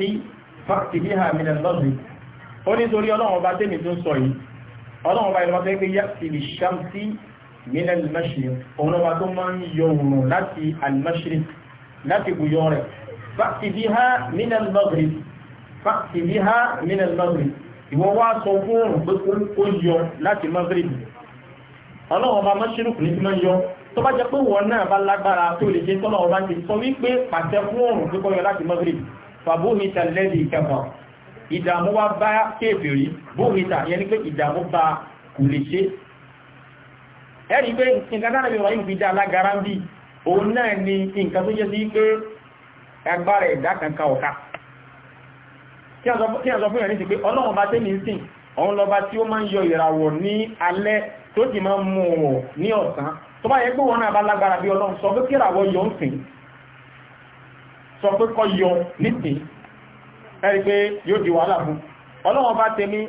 [SPEAKER 1] فأتي بها من المغرب أولي دوري الله من دون سوي الله من وبعدين يأتي بالشمس من المشرق أولي من يوم لاتي المشرق لاتي بيورك فأتي بها من المغرب فأتي بها من المغرب ìwọ wá sọ fún òrùn pé ó yọ láti Maghrib ọlọ́wọ́n bá mọ́ṣírùkù ní máa yọ tó bá jẹ́ pé wọn náà bá lágbára tó lè ṣe tọ́lọ̀ ọba ti sọ wípé pàṣẹ fún òrùn pé kó yọ láti Maghrib fàbóhìtà lẹ́dì ìkẹfà ìdààmú wá bá kéèfèrí bóhìtà yẹn ni pé ìdààmú bá kù lè ṣe ẹ̀rí pé nǹkan dára bí wọ́n fi dá alágara ń bí òun náà ni nǹkan tó jẹ́ sí pé agbára ẹ̀dá kankan ọ̀ka kí a sọ fún ìrìn sí pé ọlọ́run bá tẹ́ mi ń sìn òun lọba tí ó máa ń yọ ìràwọ̀ ní alẹ́ tó ti máa ń mú ọ̀ ní ọ̀sán tó bá yẹ pé wọn náà bá lágbára bí ọlọ́run sọ pé kí ìràwọ̀ yọ ń sìn sọ pé kọ́ yọ nísìn ẹ̀rí pé yóò di wàhálà fún ọlọ́run ọba tẹ̀mí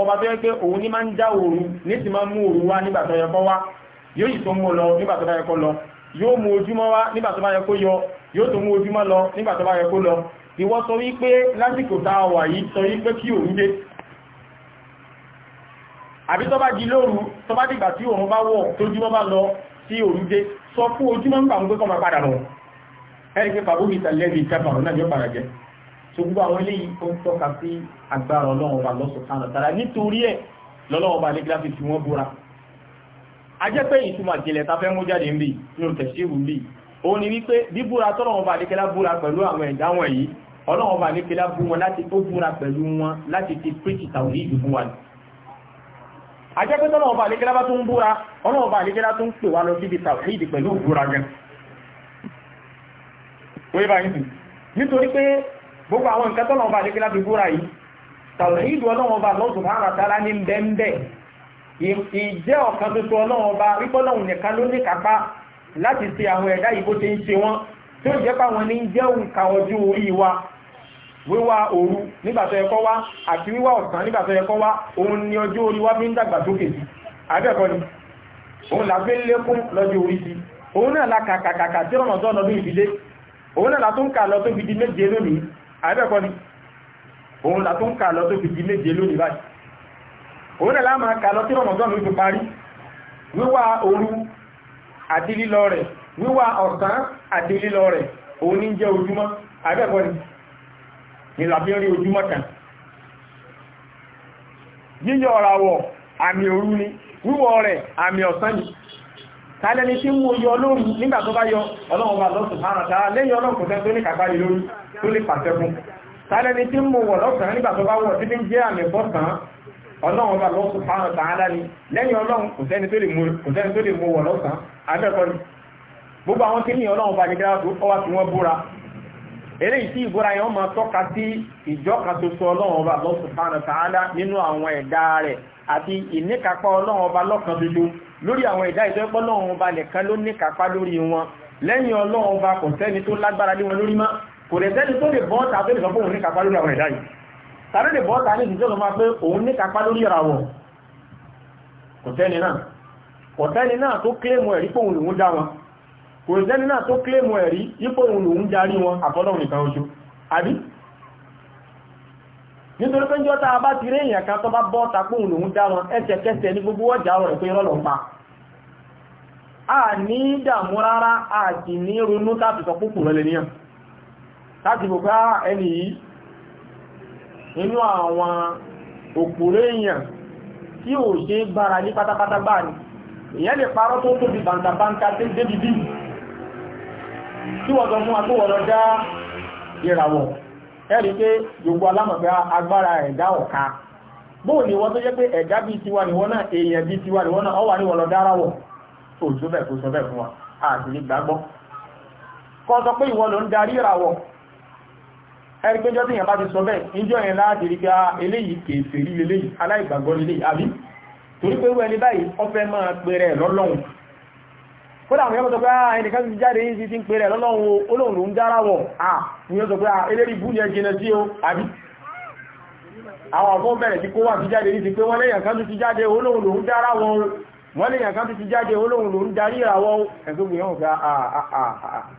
[SPEAKER 1] ọba tó yẹ pé òun ní máa ń já òru nísìn máa ń mú òru wá nígbà tó yẹ kó wá yóò yìí tó mú ojúmọ́ lọ nígbà tó bá yẹ kó lọ ìwọ sọ wípé lásìkò táa wà yìí sọ wípé kí òun dé àbí tó bá di lóru tó bá dìgbà tí òun bá wọ̀ tójúmọ́ bá lọ sí òun dé sọ fún ojúmọ́ ń pàmú pé kọ́ máa padà lọ ẹni pé pàbó mìta lẹ́bi ìjábàrún náà yóò padà jẹ so gbogbo àwọn eléyìí ó ń tọ́ka fẹ́ mú jáde ń bì ní òtẹ̀síwù ń ó ní wípé bíbúra tọ́lọ́wọ́n bá dékẹ́lá búra pẹ̀lú àwọn ẹ̀dá wọn yìí ọlọ́wọ́n bá dékẹ́lá bú wọn láti tó búra pẹ̀lú wọn láti ti pírìtì tàwọn ìlú fún wa ajẹ́ pé tọ́lọ́wọ́n bá dékẹ́lá bá tún búra ọlọ́wọ́n bá dékẹ́lá tún pè wá lọ síbi tàwọn ìdí pẹ̀lú búra gan wọ́n bá yìí nítorí pé gbogbo àwọn nǹkan tọ́lọ́wọ́n bá dékẹ́lá fi búra yìí tàwọn ìlú ọlọ́wọ́n láti ṣe àwọn ẹ̀dá yìí bó ṣe ń ṣe wọ́n tí ó jẹ́ pàwọn ní jẹ́ òǹkà ọdún orí wa wíwá òru nígbà tó wá àti wíwá ọ̀sán nígbà tó wá òun ni ọjọ́ orí wa fi ń dàgbà sókè sí abẹ́ẹ̀kọ́ ni òun làgbé lékún lọ́jọ́ orí sí òun náà la kàkàkàkà tí ọ̀nà tọ́nà bí ìfidé òun náà la kà lọ tó fi di méje lónìí abẹ́ẹ̀kọ́ ni òun la tó ń kà lọ tó fi di méje lónìí báyìí òun náà la máa kà lọ tí ọ̀nà tọ́nà fi parí wíwá òru àti lílọ rẹ̀ wíwà ọ̀sán àti lílọ rẹ̀ òun ní jẹ́ ojúmọ́ abẹ́bọ̀ ni ìlàbí orí ojúmọ́ kan yíyọ ọ̀ràwọ̀ àmì òru ni wíwọ̀ rẹ̀ àmì ọ̀sán ni tàlẹ́ni tí mú yọ lórí nígbà tó bá yọ ọlọ́run bá lọ́sùn hàn tàà lẹ́yìn ọlọ́run kò tẹ́ tó ní ọlọ́run ọba lọ́wọ́ subhanahu wa ta'ala ni lẹ́yìn ọlọ́run kò sẹ́ni tó lè mú wọ̀ lọ́sàn abẹ́kọ́ ni gbogbo àwọn tí ní ọlọ́run ọba gẹ́gẹ́ ọwá tí wọ́n búra eré ìtí ìbúra yẹn máa tọ́ka sí ìjọ́ka soso ọlọ́run ọba lọ́wọ́ subhanahu wa ta'ala nínú àwọn ẹ̀dá rẹ̀ àti ìníkapá ọlọ́run ọba lọ́kan dodo lórí àwọn ẹ̀dá ìtọ́pọ́ ọlọ́run ọba nìkan ló níkapá lórí wọn lẹ́yìn ọlọ́run ọba kò sẹ́ni tó lágbára lé wọn lórí mọ́ kò lè sẹ́ni tó lè bọ́ tàbí ìsọ́fóhùn níkapá lórí àwọn ẹ̀dá yìí tàbí lè bọ́ta ní ìjọ́ ma pé òun ní kápá lórí ìràwọ̀ kọ̀tẹ́ni náà kọ̀tẹ́ni náà tó kílèmù ẹ̀rí pòun lòun dá wọn kọ̀tẹ́ni náà tó kílèmù ẹ̀rí yípo lòun wọn oṣù àbí nítorí pé jọ́ta bá ti rí èèyàn kan tó bá bọ́ tapó lòun dá wọn ẹsẹ̀kẹsẹ̀ ní gbogbo ọjà rẹ̀ pé rọ́lọ̀ a ní rárá ní ronú sọ rẹ̀ nínú àwọn òpòrò èèyàn tí ò ṣe bára ní pátápátá bá ní èyàn lè parọ́ tó tóbi bàǹtàbàǹtà tí débi bí tí wọ́n mú agbówọ̀lọ́ dá ìràwọ̀ ẹ̀rí pé gbogbo alámọ̀gbá agbára ẹ̀dá ọ̀ka bóò ni wọ́n tó jẹ́ pé ẹ̀dá bí ti ni wọ́n náà èèyàn bí tiwa ni wọ́n náà ọwà ní lọ dáráwọ̀ tó sọ bẹ́ẹ̀ tó sọ bẹ́ẹ̀ fún wa àti kọ́ sọ pé ló ń darí ìràwọ̀ ẹgbẹ́jọ́ tí yẹn bá ti sọ bẹ́ẹ̀ níjọ́ yẹn láti rí pé ah, eléyìí kèfèrí eléyìí aláìgbàgbọ́ eléyìí àbí torí pé wẹ́ni báyìí ó fẹ́ máa pèrè lọ́lọ́run kódà àwọn yẹ́mọ́tọ̀ pé ah, ẹnìkan ti jáde yìí ti ń pèrè lọ́lọ́run olóhùn ló ń dára wọ̀ à ah, ìyẹn sọ pé eléyìí bú yẹn jìnà sí o àbí àwọn àfọ́ bẹ̀rẹ̀ tí kó wà ti jáde yìí ti pé wọ́n lẹ́yìn kan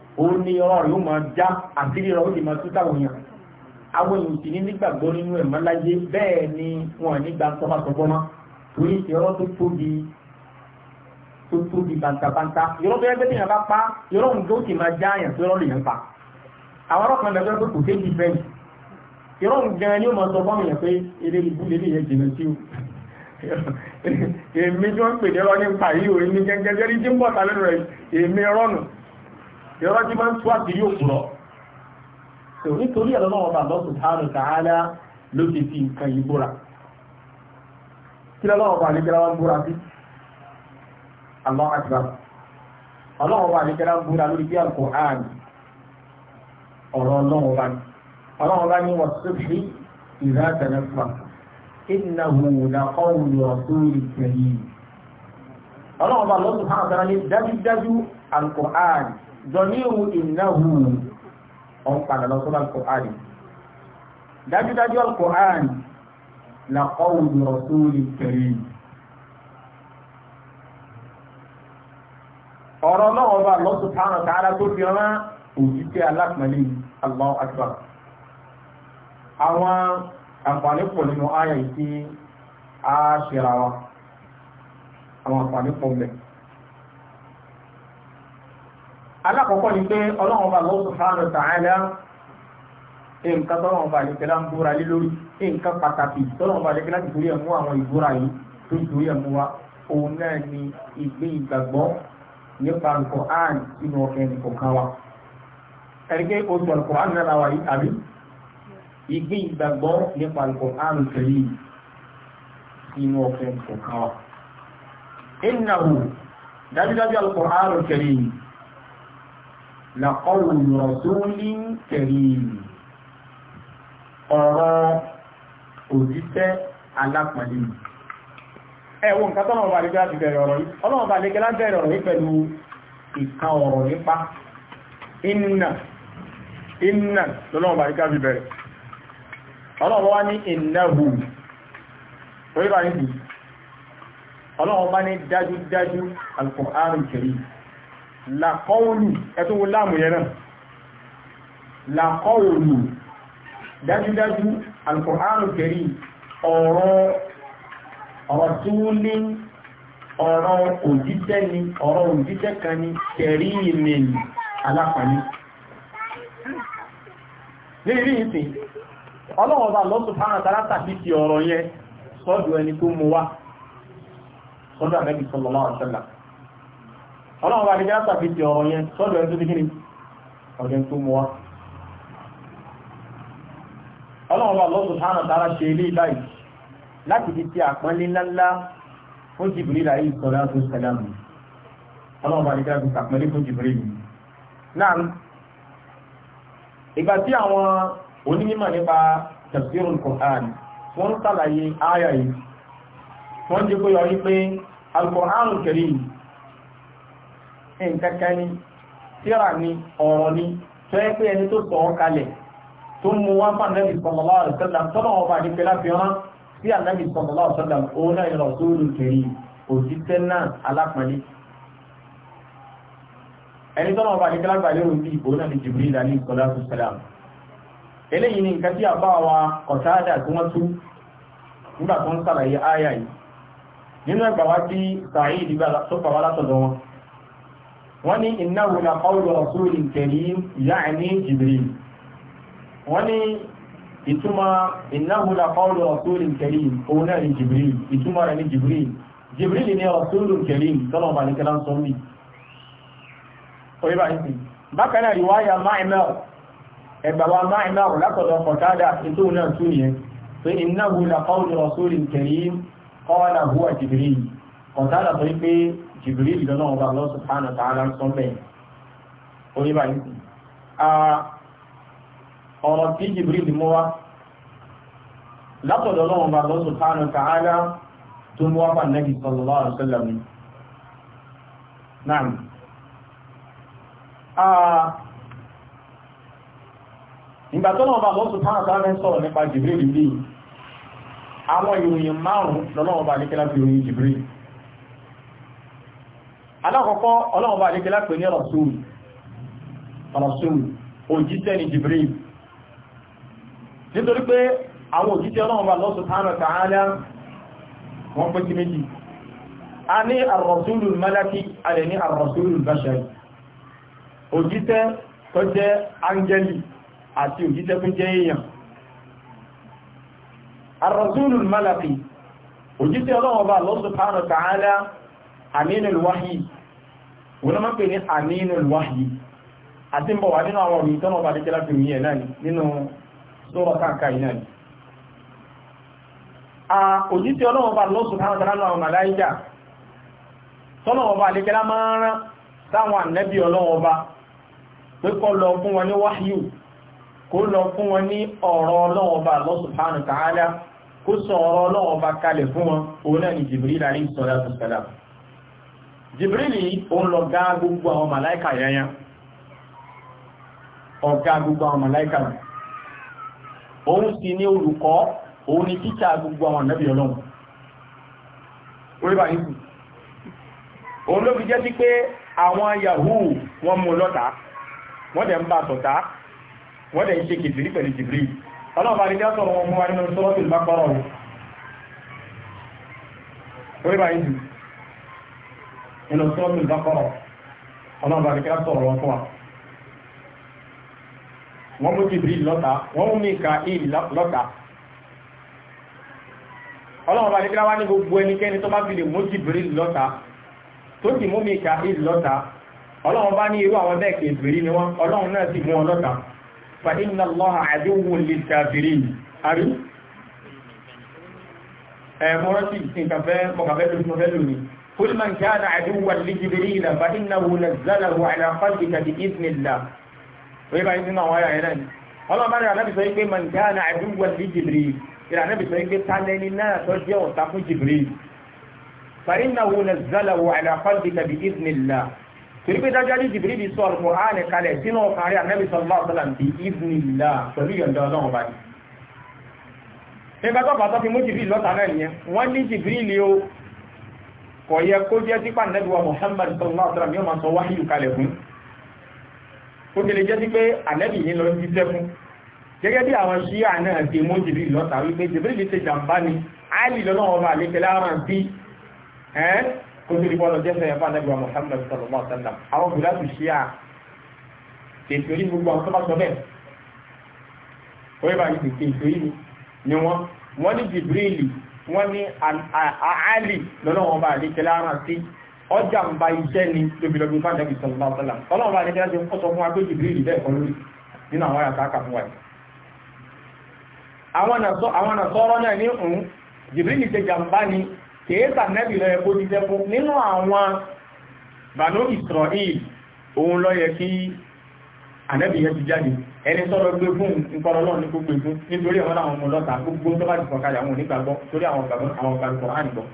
[SPEAKER 1] ó ní ọ̀rọ̀ rẹ̀ ó máa já àbílì rẹ̀ ó lè máa tútà òyìn àwọn èèyàn sì ní nígbàgbọ́ nínú ẹ̀mọ́ láyé bẹ́ẹ̀ ni wọn nígbà sọ́fàsọ́fọ́ mọ́ torí ti ọ̀rọ̀ tó tóbi tó tóbi bàǹtàbàǹtà yọ̀rọ̀ tó yẹ pé téèyàn bá pa yọ̀rọ̀ ń tó sì máa já àyàn tó yọ̀rọ̀ lè yàn pa àwọn ọ̀rọ̀ kan lẹ́gbẹ́ pé kò ni ó máa sọ fọ́ọ̀mù yẹn pé eré ibú lè yẹ jìnnà sí o èmi tí wọ́n pè ní ọlọ́ nípa yìí ò ní gẹ́gẹ́ jẹ́rí tí ń bọ̀ lẹ́nu rẹ̀ èmi rọ́nù ìrọ́ tí máa ń tú àṣírí òkúrọ̀ tó nítorí ẹ̀lọ́nà ọba Allah subhanahu wa ta'ala ló ti fi nǹkan yìí búra kí lọ́wọ́ ọba àníkẹ́lá wá búra sí Allahu akbar ọlọ́wọ́ ọba àníkẹ́lá búra lórí bí Al-Qur'an ọ̀rọ̀ ọlọ́wọ́ bá ní ọlọ́wọ́ bá ní was-subhi idha tanaffa innahu laqawlu rasulin karim ọlọ́wọ́ ọba Allah subhanahu wa ta'ala ní dájúdájú Al-Qur'an dọ̀níhù ìnáhù ọ̀n padà lọ sọ́dọ̀ alkùnrin dájúdájú alkùnrin làkọ́wù rọ̀súlì karim ọ̀rọ̀ náà ọba Allah subhanahu wa ta'ala tó fi ọmọ òjíṣẹ́ alápẹ̀lẹ́ Allahu akbar àwọn àǹfààní pọ̀ nínú ayà ìsí àṣírà wa àwọn àǹfààní pọ̀ mẹ́rin alákọ̀ọ́kọ́ ni pé ọlọ́run ọba Allah subhanahu wa ta'ala nǹkan tọ́lọ́run ọba àlekẹ́lá ń búra lé lórí nǹkan pàtàkì tọ́lọ́run ọba àlekẹ́lá ti torí ẹ̀ mú àwọn ìbúra yìí tó torí ẹ̀ mú ni ìgbé ìgbàgbọ́ nípa Al-Qur'an nínú ọkẹ́ la wà yìí àbí ìgbé ìgbàgbọ́ nípa Al-Qur'an tẹ̀lé nínú ọkẹ́ nìkọ̀ọ̀kan wa. innahu dájúdájú Al-Qur'an tẹ̀lé làkọ́wò rọ̀súnlí karim ọ̀rọ̀ òjíṣẹ́ alápàdé ẹ̀wọ̀n nǹkan tọ́lọ̀ bá lẹ́gbẹ́ láti bẹ̀rẹ̀ ọ̀rọ̀ yìí ọlọ́wọ̀n bá lẹ́gbẹ́ láti bẹ̀rẹ̀ ọ̀rọ̀ yìí pẹ̀lú ìka ọ̀rọ̀ nípa inna inna lọ́lọ́wọ̀n bá lẹ́gbẹ́ láti bẹ̀rẹ̀ ọlọ́wọ̀n wá ní innahu orí bá ní dájúdájú al-Qur'an al làkọ́ọ̀lù ẹ̀tún wo láàmù yẹn náà làkọ́ọ̀lù dájúdájú alkùnránù kẹrì ọ̀rọ̀ ọ̀túnlé ọ̀rọ̀ òjíṣẹ́ ni ọ̀rọ̀ òjíṣẹ́ kan ni kẹrì ìmìnì alápàní nílé ìsìn ọlọ́wọ́ba lọ́tù fánà tàrátà kí ti ọ̀rọ̀ yẹn sọ́dọ̀ ẹni tó mú wá sọ́dọ̀ àmẹ́bì sọ́lọ́lá ọ̀sẹ́lá ọlọ́run bá nígbà tàbí ti ọ̀rọ̀ yẹn sọ́dọ̀ ẹni tó ti kíni ọ̀dẹ́ tó mú wá ọlọ́run bá lọ́sùn tánà tààrà ṣe ilé ìbáyìí láti fi ti àpọ́nlé ńláńlá fún jìbìrì láyé ìsọ̀rọ̀ àti ìsẹ̀lámù ọlọ́run bá nígbà tàbí àpọ́nlé fún jìbìrì Qur'an wọ́n nǹkankan ni tíra ni ọ̀rọ̀ ni tó yẹ pé ẹni tó sọ ọ́ kalẹ̀ tó mú wá fún ànábì sallallahu alaihi wasallam tọ́nà ọba àdìpẹ́ láti rán sí ànábì sallallahu alaihi wasallam òun náà yọrọ̀ tó lù kiri òṣìṣẹ́ náà Jibril alaihi salatu wassalam eléyìí ni nǹkan tí a bá wa Qatada tí wọ́n tú nígbà tó ń sàlàyé áyà yìí nínú ẹgbàá wá sí Sa'id ìgbà tó fà wọ́n ní innahu la qawlu rasulin karim ya'ni Jibril wọ́n ní ìtumọ̀ innahu la qawlu rasulin karim òun náà ní Jibril ìtumọ̀ rẹ̀ ní Jibril Jibril ní rasulun karim tọ́lọ̀ bá ní kẹlá ń sọ jìbìrí ìdáná ọba Allah subhanahu wa ta'ala sọ́mẹ̀ oníbà yìí ọ̀rọ̀ tí jìbìrí ti mú wá látọ̀dọ̀ náà ọba Allah subhanahu wa ta'ala tó mú wá fà nẹ́bí sallallahu alaihi wasallam náà ìgbà tó náà ọba Allah subhanahu wa ta'ala sọ̀rọ̀ nípa jìbìrí ìlú àwọn ìròyìn márùn-ún lọ́nà ọba níkẹ́lá fi ròyìn jìbìrí alákọ̀ọ́kọ́ ọlọ́ọ̀bá àdíkẹ́ lápẹ̀ ní rọ̀súlù rọ̀súlù òjíṣẹ́ ni jibril nítorí pé àwọn òjíṣẹ́ ọlọ́ọ̀bá Allah subhanahu wa ta'ala wọ́n pẹ́ sí méjì a ní ar-rasulu al-malaki a lè ní ar-rasulu al-bashari òjíṣẹ́ tó jẹ́ áńgẹ́lì àti òjíṣẹ́ tó jẹ́ èèyàn ar-rasulu àmínul wáhí wọn máa ni ní àmínul wáhí àti mbọ̀wà nínú àwọn òmìn tọ́nà ọba àdíkẹ́lá kala mú yẹn náà nínú sọ́rọ̀ káàkà a òjíṣẹ́ ọlọ́wọ́ bá lọ́sùn táwọn tánà àwọn màláíjà tọ́nà ọba àdíkẹ́lá máa ń rán sáwọn ànẹ́bí ọlọ́wọ́ bá pé kọ́ lọ fún wọn ní wáhíù kó Jibril alayhi salatu Jibrili òun lọ gá gbogbo àwọn màláìkà yẹnyẹn ọ̀gá gbogbo àwọn màláìkà òun sì ní olùkọ́ òun ni títà gbogbo àwọn ànábì Ọlọ́run orípa ìsù òun ló fi jẹ́ sí pé àwọn Yahoo wọ́n mú lọ́ta wọ́n dẹ̀ ń bá sọ̀tá wọ́n dẹ̀ ń ṣe kìtìrí pẹ̀lú Jibrili ọlọ́pàá ní dásọ̀rọ̀ wọn mú wa nínú sọ́rọ́sì nínú sọ́ọ̀tù ìdákọ̀rọ̀ ọlọ́run bá nìkan sọ̀rọ̀ wọn fún wa wọ́n mú Jibril lọ́ta wọ́n mú Mikail lọ́ta ọlọ́run bá nìkan wá ní gbogbo ẹnikẹ́ni tó bá fi lè mú Jibril lọ́ta tó sì mú Mikail lọ́ta ọlọ́run bá ní irú àwọn bẹ́ẹ̀ kèfèrí ni wọ́n ọlọ́run náà sì mú wọn lọ́ta fa inna Allaha aduwwun lil kafirin قل من كان عدوا لجبريل فإنه نزله على قلبك بإذن الله ويبقى إذن الله يا إيران الله ما رأى النبي صحيح من كان عدوا لجبريل إلى النبي صحيح تعلن الناس وجه وتقو جبريل فإنه نزله على قلبك بإذن الله torípé dájáde jìbìrìdì sọ alùkùnránì kalẹ̀ sínú ọkàrí ànábì sallallahu alaihi wasallam bí ìdínlá pẹ̀lú yọ̀ndọ̀ ọlọ́run bá ní. ẹgbẹ́ tó bàtọ́ fi mú jìbìrì lọ́ta náà nìyẹn wọ́n kò yẹ kó jẹ́ sípà nẹ́bíwá Muhammad sallallahu alaihi wasallam yóò máa sọ wáhíyù kalẹ̀ fún ó tẹ́lẹ̀ jẹ́ sí pé ànẹ́bì yìí lọ sí sẹ́fún gẹ́gẹ́ bí àwọn ṣíyà náà ti mú jìbìrì lọ́ta wípé jìbìrì ti jàmbá ni áìlì lọ́nà ọba àlékẹ́ láàrín bí ẹ́ kó tó dìbọ́ lọ jẹ́sẹ̀ ẹ̀fà nẹ́bíwá Muhammad sallallahu alaihi wasallam àwọn bùdásù wọ́n ní àálì lọ́lọ́wọ́n bá àdíkẹ́ láàrín sí ọjà ń ba iṣẹ́ ni lóbilọ́gbìn fàdàbí sọ̀rọ̀lọ́sọ̀lá ọlọ́wọ́n bá àdíkẹ́ láti ọ̀sọ̀ fún agbójì bí ìrìlẹ̀ ẹ̀kọ́ lórí nínú àwọn àyàká kà fún wa àwọn àsọ́rọ́ náà ní òun jìbìrìlì ṣe jàmbá ni kèéta nẹ́bì lọ ẹkó jíṣẹ́ fún nínú àwọn bànú Israel òun lọ yẹ kí ànẹ́bì yẹ ti jáde ẹni sọ́rọ̀ gbé fún ìkọlọ́lọ́ ní gbogbo ìgbó nítorí àwọn àwọn ọmọ lọ́ta gbogbo tó bá ti fọ̀kalẹ̀ àwọn onígbàgbọ́ torí àwọn ọ̀gbàgbọ́ àìgbọ́.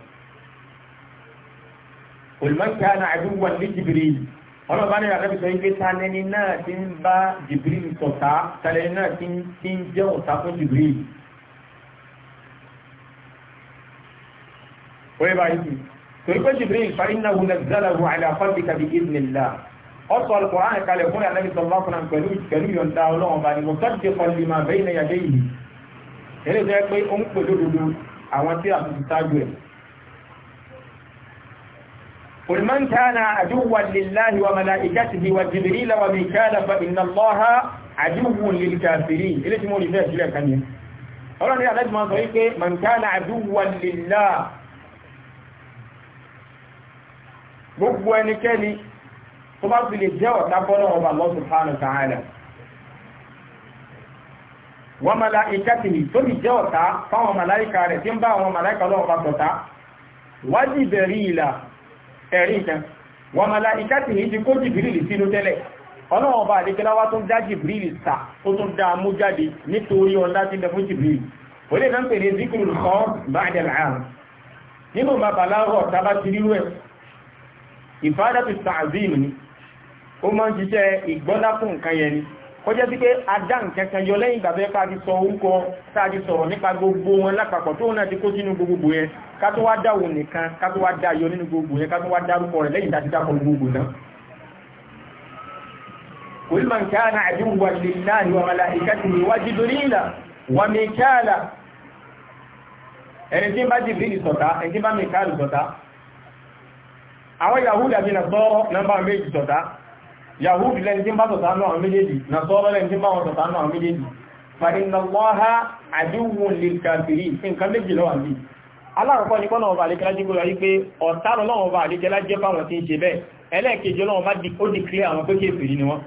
[SPEAKER 1] olùmọ̀kíá náà àdúgbò ní Jibril ọlọ́ba ní àdábì sọ wípé tanẹni náà ti ń bá Jibril ṣọ̀tá tanẹni náà ti ń jẹ́ ọ̀tá fún Jibril. wọ́n yẹ báyìí torí pé Jibril ọ̀sọ̀ alukọ̀rán kalẹ̀ fún ànábì sallallahu alaihi wasallam pẹ̀lú pẹ̀lú yọ̀ǹda ọlọ́run bá ní mo tọ́jú pẹ̀lú ma bẹ́ẹ̀ ní yàgé yìí eré jẹ́ pé ó ń pè lódodo àwọn tí a ti tájú ẹ̀. olùmọ̀n kánà àdúwà lillahi wa malaikatihi wa jibril wa mikala fa inna allaha àdúwù lil ilé tí mo rí bẹ́ẹ̀ sílẹ̀ kan yẹn ọlọ́run ní sọ wípé man àdúwà lillahi gbogbo ẹnikẹ́ni tó bá fi lè jẹ́ ọ̀tá bọ́ náà ọba Allah subhanahu wa ta'ala wa malaikatihi tó lè jẹ́ ọ̀tá fáwọn màláìka rẹ̀ tí ń bá àwọn màláìka lọ́wọ́ bá sọ̀tá wa Jibrila ẹ̀rí nǹkan wa malaikatihi ti kó Jibril sínú tẹ́lẹ̀ ọlọ́wọ́ bá àdékẹ́lá wá tó ń dá Jibril ta ó tún dá mú jáde ó máa ń jíṣẹ́ ìgbọ́lá fún nǹkan yẹn ni ó jẹ́ sí pé adá nǹkan kan yọ lẹ́yìn ìgbà bẹ́ẹ̀ pàdé sọ orúkọ sáàdì sọ̀rọ̀ nípa gbogbo wọn lápapọ̀ tó náà ti kó sínú gbogbo yẹn ká wá dáwò nìkan ká wá dá nínú gbogbo yẹn ká wá dárúkọ yahudi lẹ́ni tí ń bá sọ̀tánú àwọn méjèèjì na sọ́rọ̀ lẹ́ni tí ń bá wọn sọ̀tánú àwọn méjèèjì fa inna Allaha aduwwun lil kafirin nǹkan méjì lọ́wà bí aláàrùkọ́ ní kọ́nà ọba àlékẹ́lá jí gbọ́ra wípé ọ̀tá lọ́wọ́ ọba àlékẹ́lá jẹ́ fáwọn tí ń ṣe bẹ́ẹ̀ ẹlẹ́ẹ̀kejì ọlọ́wọ́ bá ó di kílẹ̀ àwọn pé kéfèrí ni wọ́n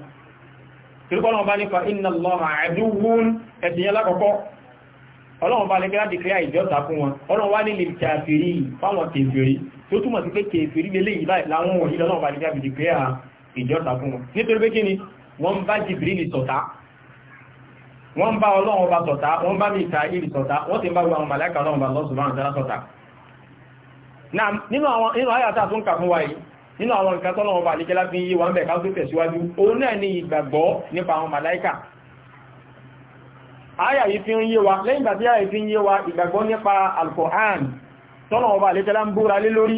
[SPEAKER 1] tìrúkọ́ lọ́wọ́ bá nípa inna Allaha aduwwun ẹ̀sìn yẹn lákọ̀ọ́kọ́ ọlọ́wọ́ bá àlékẹ́lá di kílẹ̀ ìjọta fún wọn ọlọ́wọ́ wá ní lil kafirin fáwọn láwọn òní lọ́wọ́ ìjọta fún wọn nítorí pé kí ni wọ́n bá jìbìrìlì ṣọ̀tá wọ́n bá ọlọ́run ọba ṣọ̀tá wọ́n bá mìta ìlì ṣọ̀tá wọ́n ti bá gbogbo àwọn màláìkà ọlọ́run ọba lọ́sùn bá ń tẹ́lá ṣọ̀tá nínú àwọn àyàtà tó ń kà fún wa yìí nínú àwọn nǹkan tọ́lọ́ ọba àlíkẹ́lá fi ń yí wa ń bẹ̀ ká tó tẹ̀síwájú òun náà ni ìgbàgbọ́ nípa àwọn màláìkà àyà yìí fi ń yé wa lẹ́yìn ìgbà tí àyà yìí fi ń yé wa ìgbàgbọ́ nípa Al-Qur'an tọ́lọ́ ọba àlíkẹ́lá ń búra lé lórí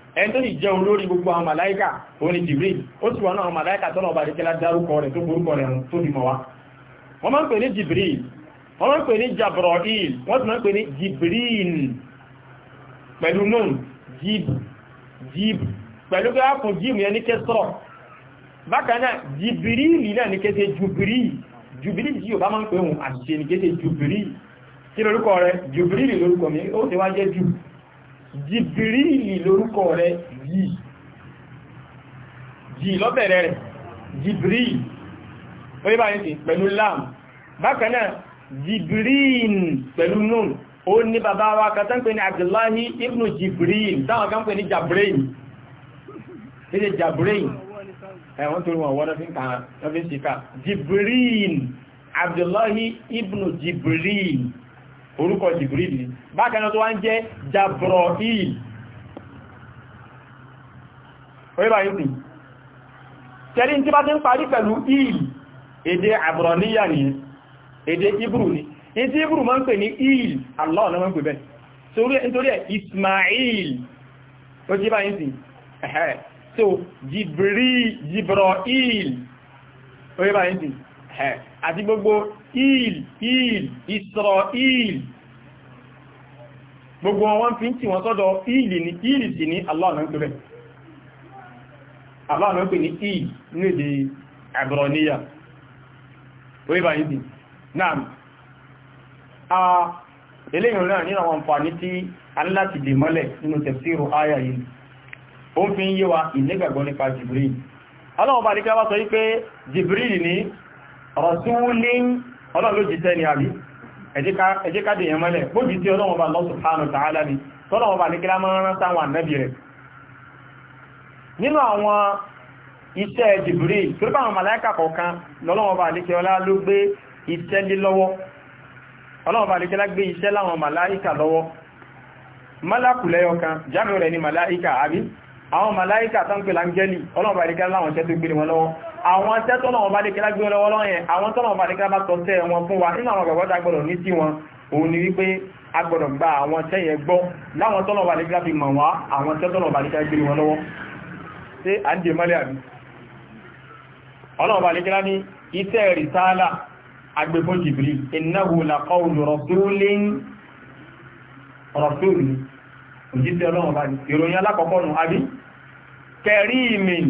[SPEAKER 1] ẹni tó sì jẹ́ olórí gbogbo àwọn màláíkà òun ni Jibril ó sì wọ́n náà màláíkà tọ́nà ọba àdékẹ́lá dárúkọ rẹ̀ tó borúkọ rẹ̀ tó fi mọ̀ wá wọ́n máa ń pè ní Jibril wọ́n máa ń pè ní Jabroil wọ́n sì máa ń pè ní Jibril pẹ̀lú nùn jib jib pẹ̀lú pé a kùn jim yẹn ní kẹsọ̀ bákan náà Jibril náà ní kẹsẹ̀ Jubril Jubril yìí ò bá máa ń pè wọn àṣìṣe Jubril kí lórúkọ rẹ̀ Jubril lórúkọ mi ó ti wá jẹ́ Jubril jìbìrìlì lórúkọ rẹ̀ yìí jì lọ́bẹ̀rẹ̀ rẹ̀ jìbìrìlì orí bá yìí pẹ̀lú lam bákanáà jìbìrìlì pẹ̀lú nun ó ní bàbá wa kàtà ń pè ní Abdullahi ibn jìbìrìlì táwọn kan pè ní jàbìrìlì
[SPEAKER 2] ilé jàbìrìlì
[SPEAKER 1] ẹ̀wọ́n tó wọn bákan náà tó wá ń jẹ́ Jabroil orílẹ̀ ayúkù tẹ́rí tí bá ti ń parí pẹ̀lú il èdè àbúrọ̀níyà ni èdè ibru ni in tí ibru ma ń pè ní il Allah ọ̀nà ma ń pè bẹ́ nítorí ẹ̀ Ismail ó jí bá sí ẹ̀hẹ́ so jibri Jibroil orílẹ̀ ayúkù àti gbogbo il il Israel gbogbo wọn fi ń tì wọn sọ́dọ̀ ìlì ní ìlì sí ní Allah náà ń pè Allah náà ń pè ní ìlì ní èdè Ibraniyya orí bá náà a eléyìn náà nínú àwọn àǹfààní tí aláti lè mọ́lẹ̀ nínú tafsiru àyà yìí ó Jibril Allah bá ní ká bá sọ wípé Jibril ní rasulin ọlọ́run ló ẹ̀jẹ́kádé yẹn mọ́lẹ̀ bóbi tí ọlọ́wọ́ bá Allah subhanahu wa ta'ala ni tọ́lọ́wọ́ bá ní kí lámọ́rán sáwọn ànábì rẹ̀ nínú àwọn iṣẹ́ jìbìrì tó bá àwọn màláíkà kọ̀ọ̀kan lọ́lọ́wọ́ bá ní kí ọlá ló gbé iṣẹ́ lé lọ́wọ́ ọlọ́wọ́ bá ní kí lá gbé iṣẹ́ láwọn màláíkà lọ́wọ́ málàkù lẹ́yọ kan jámù rẹ̀ ni màláíkà àbí àwọn màláíkà tán pè láńgẹ́lì ọlọ́wọ́ bá ní kí láwọn iṣẹ́ tó gbé wọn lọ́wọ́ àwọn tẹ́ tọ́nà wọn bá lè kí lágbé ọlọ́wọ́ lọ́yẹn àwọn tọ́nà wọn bá lè kí lábá tọ́ tẹ́ wọn fún wa nínú àwọn gbàgbọ́ta gbọ́dọ̀ ní sí wọn òun ni wípé a gba àwọn tẹ́ yẹn gbọ́ láwọn tọ́nà wọn lè kí láfi mọ̀ wá àwọn tẹ́ tọ́nà wọn lè kí lágbé wọn lọ́wọ́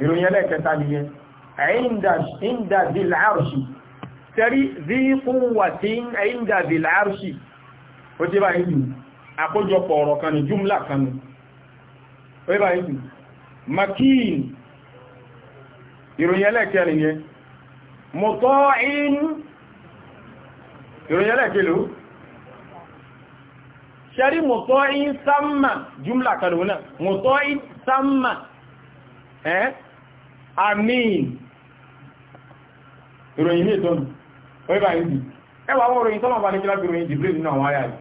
[SPEAKER 1] ìròyìn ẹlẹ́kẹta nìyẹn inda zil arshi tẹ́rí zí fún wà tí inda zil arshi ó ti bá ìlú àkójọpọ̀ ọ̀rọ̀ kan ní jùmlà kan ní ó bá ìlú makin ìròyìn ẹlẹ́kẹ nìyẹn mọ̀tọ́ in ìròyìn ẹlẹ́kẹ ló ṣẹ́rí mọ̀tọ́ in sáàmà jùmlà kan mọ̀tọ́ in sáàmà ẹ́ àmín ìròyìn ní ìtọ́nù ọ̀rẹ́bà ìdí ẹwà àwọn ìròyìn tọ́lọ̀ bá ní kí láti ìròyìn Jibril nínú àwọn ayà yìí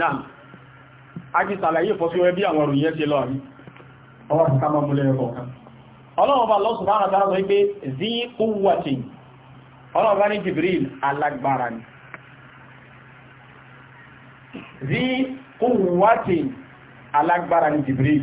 [SPEAKER 1] náà a ti sàlàyé fọ́sí ọ̀rẹ́ bí àwọn ìròyìn ẹ́sẹ̀ lọ́rí ọwọ́ kàkà máa múlẹ̀ ẹ̀kọ́ kan ọlọ́run bá lọ́sùn bá rántà sọ pé zí kúwàtí ọlọ́run bá ní Jibril alágbára ni zí kúwàtí alágbára Jibril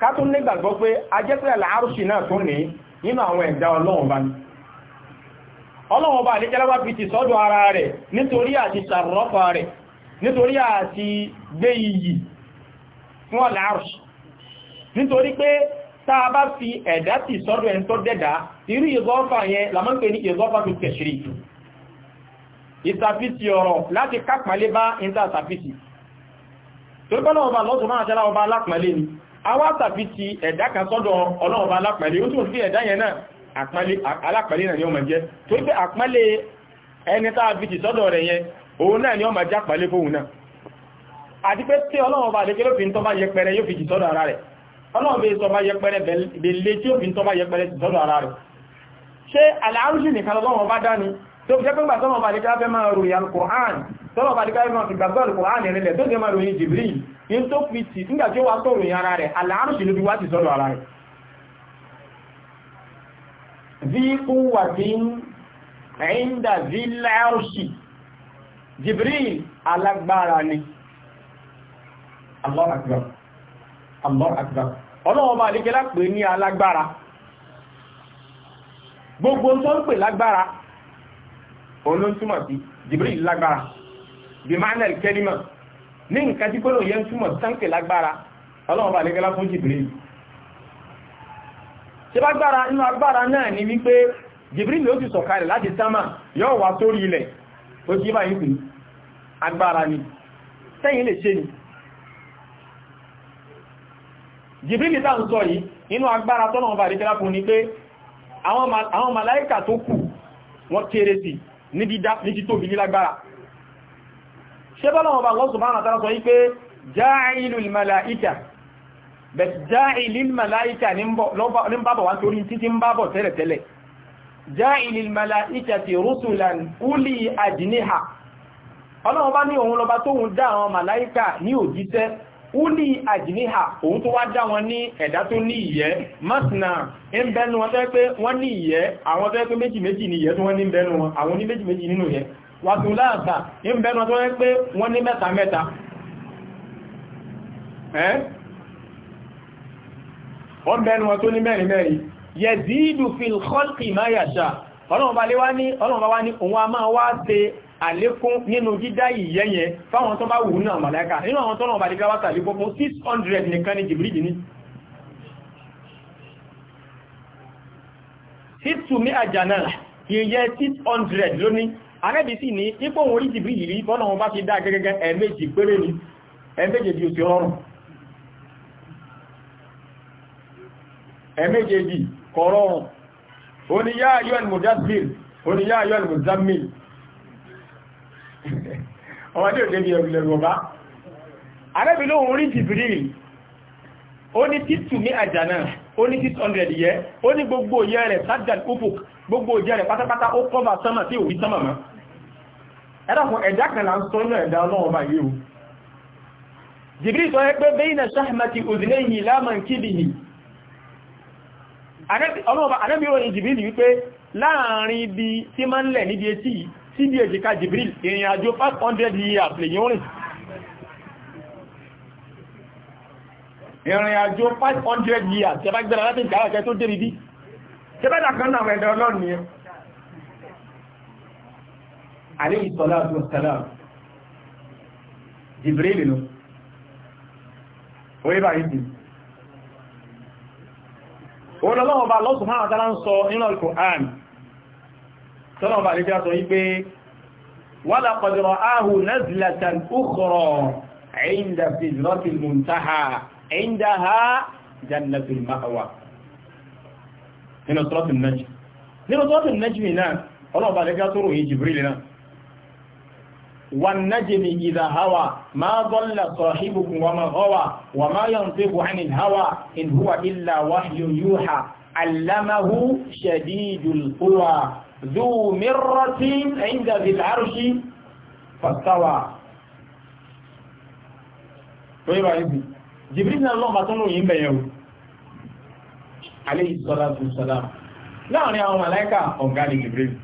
[SPEAKER 1] kátún nígbàgbọ́ pé ajẹ́pẹ́ àlàárùsì náà tún ní nínú àwọn ẹ̀dá ọlọ́run bá ní ọlọ́run bá àdíjẹ́láwà fi ti sọ́dọ̀ ara rẹ̀ nítorí àti sàrọ́fà rẹ̀ nítorí àti gbé iyì fún àlàárùsì nítorí pé tá a bá fi ẹ̀dá ti sọ́dọ̀ ẹni tó dẹ́dá irú ìgọ́fà yẹn la máa ń pè awá tàbí ti ẹ̀dá kan sọ́dọ̀ ọlọ́run bá alápẹ̀lẹ̀ ó tún fi ẹ̀dá yẹn náà alápẹ̀lẹ̀ náà ni ó máa jẹ́ tó pé àpẹ́lẹ̀ ẹni tá a fi ti sọ́dọ̀ rẹ̀ yẹn òun náà ni ó máa já pẹ̀lẹ̀ fóun náà àti pé tí ọlọ́run bá lékè lófin tó bá yẹpẹrẹ yóò fi ti sọ́dọ̀ ara rẹ̀ ọlọ́run bẹ sọ bá yẹpẹrẹ bèlè tí ó fi tó bá yẹpẹrẹ ti sọ́dọ̀ ara rẹ̀ ṣé àlàárùsì nìkan ọlọ́run bá dání jibril in tó fi tì nígbà tí ó wá tọ̀rọ̀ ìyára rẹ̀ aláàrùsì ló fi wá ti sọ́dọ̀ ara rẹ̀ zíkú wà tí ń ẹ̀yìndà zíláàrùsì jibril alágbára ni allah akbar allah akbar ọlọ́wọ́ bá adékẹ́lá pè ní alágbára gbogbo tó ń pè lágbára olóńtúmọ̀ sí jibril lágbára bí mánà kẹ́límọ̀ ní nǹkan tí gbọ́nà yẹn túmọ̀ sáńkè lágbára ọlọ́run bá nígbẹ́lá fún Jibril ṣe bá gbára inú agbára náà ni wípé Jibril ló ti sọ̀kalẹ̀ láti sámà yóò wá sórí ilẹ̀ ó ti bá yìí pè agbára ni sẹ́yìn lè ṣe ni Jibril tá ń sọ yìí inú agbára tọ́lọ́run bá nígbẹ́lá fún ni pé àwọn màláíkà tó kù wọ́n kéré sí ní títóbi ní lágbára ṣe bọ́lá wọn bá Allah subhanahu wa ta'ala sọ wípé ja'ilul malaika bẹ̀ ja'ilul malaika ní bábọ̀ wá torí títí ń bábọ̀ tẹ́lẹ̀tẹ́lẹ̀ ja'ilul malaika ti rusulan uli ajniha ọlọ́run bá ní òun lọba tóun dá àwọn màláíkà ní òjíṣẹ́ uli ajniha òun tó wá dá wọn ní ẹ̀dá tó ní ìyẹ́ masna ń bẹnu wọn tẹ́ pé wọ́n ní ìyẹ́ àwọn tẹ́ pé méjì méjì ní ìyẹ́ tó wọ́n ní bẹnu wọn àwọn ní méjì méjì nínú ìyẹ́ wàtúláàtà ń bẹ́nu tó rẹ́ pé wọ́n ní mẹ́ta mẹ́ta wọ́n bẹ́nu wọn tó ní mẹ́rin mẹ́rin yazidu fil khalqi ma yasha ọlọ́run bá wá ní òun a máa wá ṣe àlékún nínú dídá ìyẹ́yẹ fáwọn tó bá wù náà màláíkà nínú àwọn tọ́nà ọba dígbà 600 nìkan arẹ́bí sì ní ipò òun orí jìbìrì yìí bọ́nà wọn bá ti dá gẹ́gẹ́gẹ́ ẹ̀ẹ́mẹ́jì péré ni ẹ̀ẹ́mẹ́jèjì ò sí rọrùn ẹ̀ẹ́mẹ́jèjì kò rọrùn oníyá ayọ́ al-mudaththir oníyá ayọ́ al-muzammil ọmọdé òde bí ẹ̀rù lẹ́rù ọba arẹ́bí lóhun orí jìbìrì ó ní títù ní àjànà ó ní 600 yẹ ó ní gbogbo yẹ rẹ̀ sájà ufuk gbogbo yẹ rẹ̀ pátápátá ó kọ́ ẹ̀dàkùn ẹ̀dá kan là ń sọ náà ẹ̀dá ọlọ́run bá yé o jìbìrì sọ ẹgbẹ́ bẹ́yìnà sáhàmàtì òdìlẹ́yìn láàmàn kíbìhì anẹ́bìrò ní jìbìrì wípé láàrin ibi tí máa ń lẹ̀ níbi etí sí bí èjìká jìbìrì ìrìn àjò 500 years lèyìn rìn ìrìn àjò 500 years tẹ́bá gbẹ́ra láti ìkàrà alayhi salatu wassalam jibril nù orí bá yìí olọ́lọ́wọ́ bá lọ́sùn máa tàbí ń sọ nínú al-Qur'an tọ́lọ̀ bá lè jẹ́ sọ wípé wa laqad ra'ahu nazlatan ukhra 'inda sidratil muntaha 'indaha jannatul ma'wa nínú suratul najm nínú suratul najm náà ọlọ́ọ̀bá lè jẹ́ sọ́rọ̀ yìí Jibril náà والنجم إذا هوى ما ضل صاحبكم وما غوى وما ينطق عن الهوى إن هو إلا وحي يوحى علمه شديد القوى ذو مرة عند ذي العرش فاستوى طيب عيبي جبريل الله ما تنو يمبا يو عليه الصلاة والسلام لا أنا أو ملايكة أو قال جبريل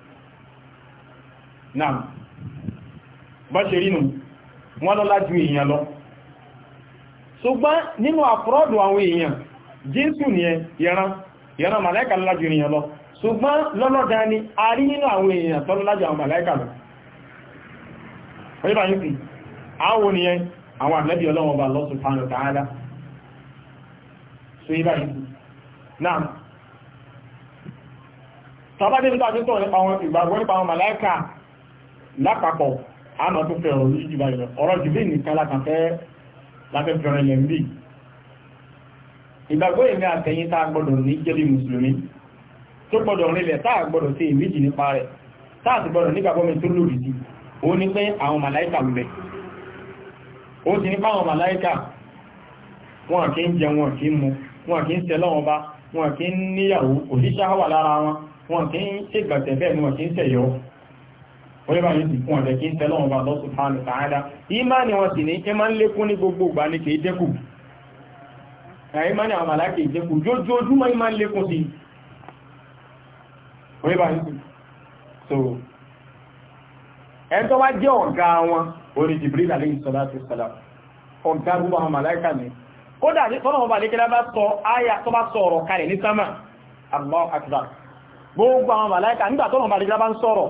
[SPEAKER 1] náà bá ṣe rínú wọ́n èèyàn lọ ṣùgbọ́n nínú àfúrọ́dù àwọn èèyàn jésù nìyẹn yẹran yẹran màláìkà lọ́lá èèyàn lọ ṣùgbọ́n lọ́lọ́dá ni a rí nínú àwọn èèyàn tó lọ́lá àwọn màláìkà lọ ọjọ́bà yìí àwọn oníyẹn àwọn àmẹ́bí ọlọ́wọ́ bá lọ́sùn nípa ìgbàgbọ́ nípa màláìkà lápapọ̀ àmọ́ tó fẹ́ ọ̀rọ̀ yìí jù báyìí lọ ọ̀rọ̀ jù bí nìkan lákàfẹ́ láfẹ́ fẹ́rẹ̀ ilẹ̀ ń bì ìgbàgbọ́ èmi àtẹ̀yìn tá a gbọ́dọ̀ ní jẹ́bi mùsùlùmí tó gbọ́dọ̀ rinlẹ̀ tá a gbọ́dọ̀ sí ìmíjì nípa rẹ̀ tá a sì gbọ́dọ̀ nígbàgbọ́ mi tó lòdì sí ó ní pé àwọn màláìkà ń bẹ ó ti ní fáwọn màláìkà wọn kì í jẹ wọn kì í mu wọn kì í ṣe lọ́wọ́n bá wọn kì í níyàwó òṣìṣẹ́ wà lára wọn wọn kì í ṣègbàtẹ̀fẹ́ wọn kì í ṣẹ̀yọ́ bóyá báyìí ti fún ọ̀rẹ́ kí ń tẹ́lọ́ ọba Allah subhanahu wa ta'ala ìmánì wọn sì ní kí máa ń lékún ní gbogbo ìgbà ní kìí dẹ́kù ìmánì àwọn màláìkà ìdẹ́kù jójójúmọ́ ìmá ń lékún sí bóyá báyìí ti so ẹni tó wá jẹ́ ọ̀gá wọn orí Jibril alayhi salatu wassalam ọ̀gá gbogbo àwọn màláìkà ni kódà ní tọ́nà ọba lékelá bá sọ áyà tó bá sọ ọ̀rọ̀ kalẹ̀ ní sámà Allahu akbar gbogbo àwọn màláìkà nígbà tọ́nà ọba lékelá bá ń sọ̀rọ̀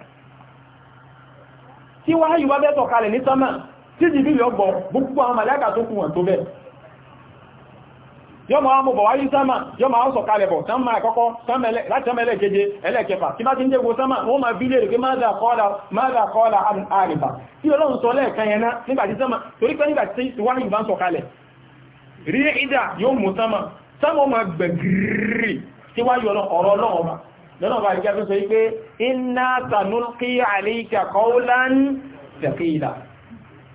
[SPEAKER 1] tí wá yíwá bẹ́ sọ̀kalẹ̀ ní sánmà tí jìbí yọ gbọ́ gbogbo àwọn màláìkà tó kù wọ́n tó bẹ́ yọ máa mọ̀ bọ̀ wáyé sánmà yọ máa sọ̀kalẹ̀ bọ̀ sánmà àkọ́kọ́ láti sánmà ẹlẹ́keje ẹlẹ́kẹfà tí bá ti ń jẹ́ gbogbo sánmà wọ́n máa bí léèrè pé máàdà kọ́ọ̀lá àrìbà tí ọlọ́run sọ lẹ́ẹ̀kan yẹn náà nígbàtí sánmà torí pé nígbàtí wáyé bá ń sọ̀kalẹ̀ lọ́nà bá jẹ́ tó sọ wípé inna sanulqi alayka qawlan thaqila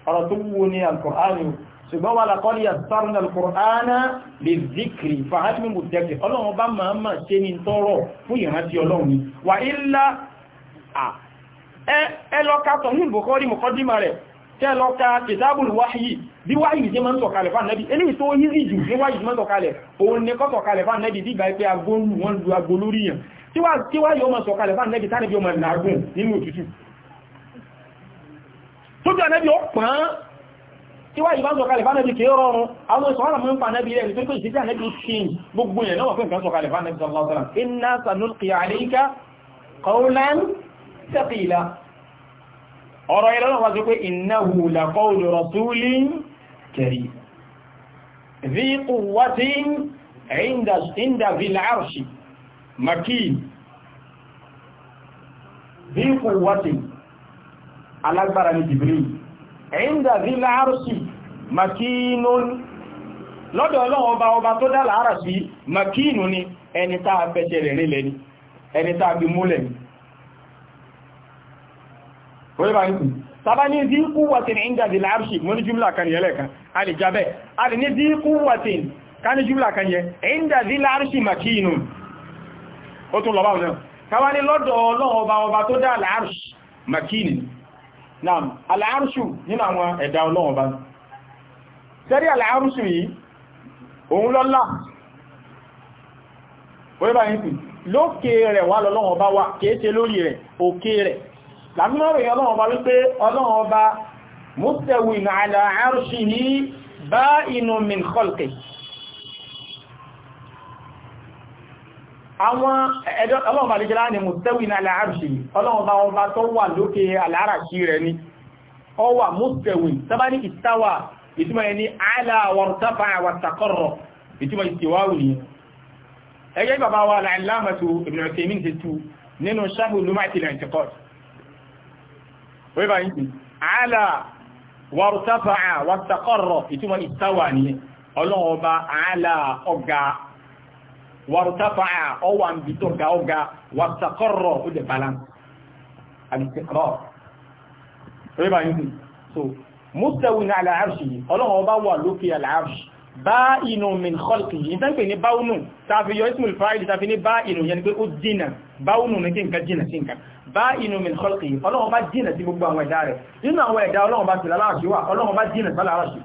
[SPEAKER 1] ọ̀rọ̀ tó wú ní alkùránì ṣùgbọ́n wà lákọ́lì yasarna alkùránà lizikri fàhálì mùtẹ́kì ọlọ́run bá máa ma ṣe ní tọ́rọ fún ìrántí ọlọ́run wà ilá ẹlọ́ka tọ̀hún bukọ́rí mọ̀kọ́dímà rẹ̀ tẹ́lọ́ka kìtàbùl wáyìí bí wáyìí jẹ́ máa ń sọ̀kalẹ̀ fún ànẹ́bí eléyìí tó yí rí jù ní wáyìí máa ń sọ̀kalẹ̀ òun ni kọ́ sọ̀kalẹ̀ fún ànẹ́bí bí ìgbà ẹgbẹ́ agbóhùn wọn lu agolóríyàn tí wá yóò mọ̀ sọ̀kalẹ̀ bá nẹ́bí tánẹ́bí ọmọ ìlàgùn nínú òtútù tó jẹ́ nẹ́bí ó pán tí wá ìbá sọ̀kalẹ̀ bá nẹ́bí kìí rọrùn àwọn ìṣọ́lá makin bí kúwàtí alágbára ni Jibril ẹ̀yìndà bí láàrùsì makinun lọ́dọ̀ ọlọ́wọ́ ọba ọba tó dá láàrà sí makinu ni ẹni tàà fẹ́ṣẹ́ rẹ̀ rí lẹ́ni ẹni tàà bí múlẹ̀ tàbá ní díkú wàtín ìndà dì láàrùsì mọ́ ní jùmlà kan yẹ lẹ́ẹ̀kan a lè jábẹ́ a lè ní díkú wàtín ká ní jùmlà kan yẹ láàrùsì makinun ó tún lọ́bàá náà káwá ní lọ́dọ̀ ọlọ́run ọba ọba tó dá aláàrùsù makini náà aláàrùsù nínú àwọn ẹ̀dá ọlọ́run ọba sẹ́rí aláàrùsù yìí òun lọ́lá wọ́n bá yìí lókè rẹ̀ wà lọ́lọ́run àwọn ẹ̀dọ́ ọlọ́run bá lè jẹ́lá ní mùsẹ́wìn aláàrùsì ọlọ́run bá wọn bá tó wà lókè aláàrùsì rẹ̀ ni ọ wà mùsẹ́wìn sábà ní ìtawà ìtumọ̀ ẹni aláwọ̀rùsáfà àwàtàkọ́rọ̀ ìtumọ̀ ìtìwáwù ni ẹgbẹ́ bàbá wa aláàmàtò Ibn Uthaymeen ti tú nínú sábù lùmáìtì lẹ́ntìkọ́t ìtawà ni ọlọ́run bá alá ọgá wàrùtàfàá ọwà ń bí tó ga ọga wàtàkọ́rọ̀ ó jẹ balance alìtẹ̀kọ́ rẹ́bà yìí so mustawin ala arshi ọlọ́run ọba wà lókè ala arshi ba'inu min khalqihi ìtàn pè ní báúnù tàbí yọ ismul fa'il tàbí ní ba'inu yẹn pé ó jìnà báúnù ní kí nǹkan jìnà sí nǹkan ba'inu min khalqihi ọlọ́run bá jìnà sí gbogbo àwọn ẹ̀dá rẹ̀ nínú àwọn ẹ̀dá ọlọ́run bá ti lálàáṣí wà ọlọ́run bá jìnà sálàáṣí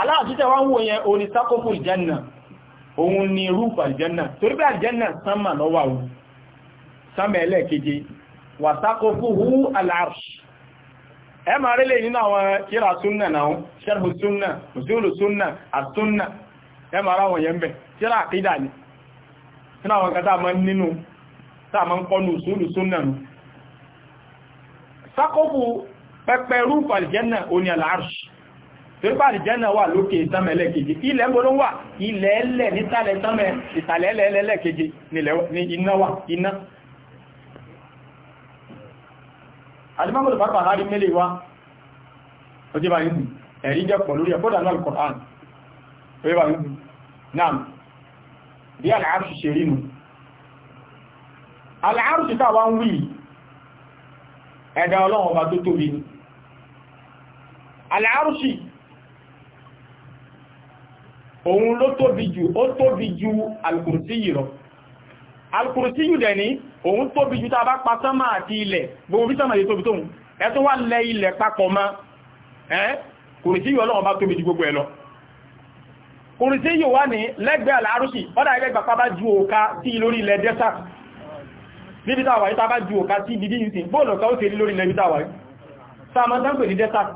[SPEAKER 1] aláàṣí tẹ́wàá ń wòye onísákòfò ìjẹ́nà òun ni rúfù àlìjẹ́nà torí pé àlìjẹ́nà sánmà lọ́wà o sánmà ẹlẹ́ẹ̀keje wà sákòfúhú aláàrùsì ẹ máa rí lè nínú àwọn kíra súnnà náà ṣẹ́rù súnnà mùsùlù súnnà àsúnnà ẹ máa ráwọn yẹn bẹ̀ kíra àkídà ni sínú àwọn kan táà máa nínú táà máa ń kọ́nu mùsùlù súnnà nù sákòfú pẹpẹ rúfù àlìjẹ́nà òní aláàrùsì torípa àlìjẹ́nà wà lókè ìtànmẹ̀ lẹ́kejì ilẹ̀ ń boló wà ilẹ̀ ẹlẹ̀ nítàlẹ̀ ìtànmẹ̀ ìtàlẹ̀ ẹlẹ̀ lẹ́kejì ní iná wà iná alimọ́gbọ̀lù pàápàá harí mẹ́lẹ̀ wá ọjọ́ bá yìí ẹ̀rí jẹ́ pọ̀ lórí ẹ̀kọ́dà náà Al-Qur'an ọjọ́ bá yìí náà bí al òun ló tóbi jù ó tóbi jù alkùrùsíyì lọ alkùrùsíyì dẹ̀ ní òun tóbi jù tàbá pa sánmà àti ilẹ̀ gbogbo bí sánmà yìí tóbi tóun ẹ̀tún wà lẹ ilẹ̀ papọ̀ ma ẹ́ kùrùsíyì ọlọ́run bá tóbi jù gbogbo ẹ̀ lọ kùrùsíyì wà ní lẹ́gbẹ́ alárùsì ọ́dà ilẹ̀ gbàpá bá ju òka sí lórí ilẹ̀ desert níbi táwà yìí tàbá ju òka sí dídí yìí sí bóòlù ọ̀ka ó ṣe lórí ilẹ̀ táwà yìí sáà mọ́ dáńpẹ̀ ní desert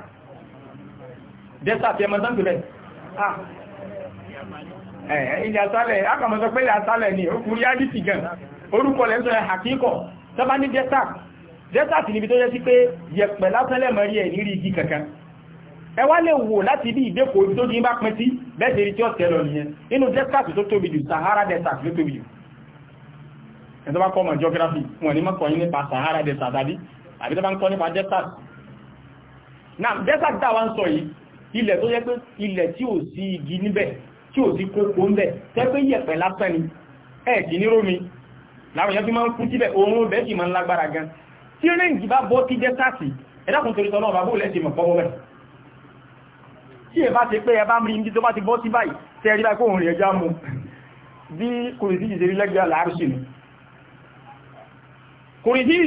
[SPEAKER 1] desert ẹ̀ mọ́ dáńpẹ̀ ilẹ̀ asálẹ̀ akàmọ́sọ pé ilẹ̀ asálẹ̀ ni ó kú reality gan orúkọ lẹ́sọ ẹ̀ àkíkọ̀ tọ́bá ní desert desert níbi tó yẹ sí pé yẹ̀pẹ̀ lásánlẹ̀ mọ́rí ẹ̀ nírí igi kankan ẹ wá lè wò láti bí ìdẹ́kọ̀ orí tó jí bá pín sí bẹ́ẹ̀ rí tí ó tẹ́lọ nìyẹn inú desert tó tóbi jù Sahara desert ló tóbi jù ẹ̀ tó bá kọ́ mọ̀ geography wọn ni mọ́kọ̀ Sahara desert àbí àbí tó bá ń kọ́ nípa desert náà desert táwa ń sọ yìí ilẹ̀ tó yẹ pé ilẹ̀ tí ò sí kókó ń bẹ̀ tẹ́gbẹ́ yẹ̀pẹ̀ lásán ni ẹ̀ẹ̀kì ní rómi láwọn èèyàn fi máa ń kú síbẹ̀ oòrùn bẹ́ẹ̀ sì máa ń lágbára gan tí rẹ́ǹjì bá bọ́ tí jẹ́ sáàsì ẹ̀dàkùn torí tọ́lọ́ ọ̀bàbó lẹ́sẹ̀ mọ̀ pọ́wọ́ bẹ̀ tí ẹ bá ti pé ẹ bá ń rí ibi tó bá ti bọ́ sí báyìí tẹ́ rí báyìí kóhùn rẹ̀ já mu bí kùrìsíjì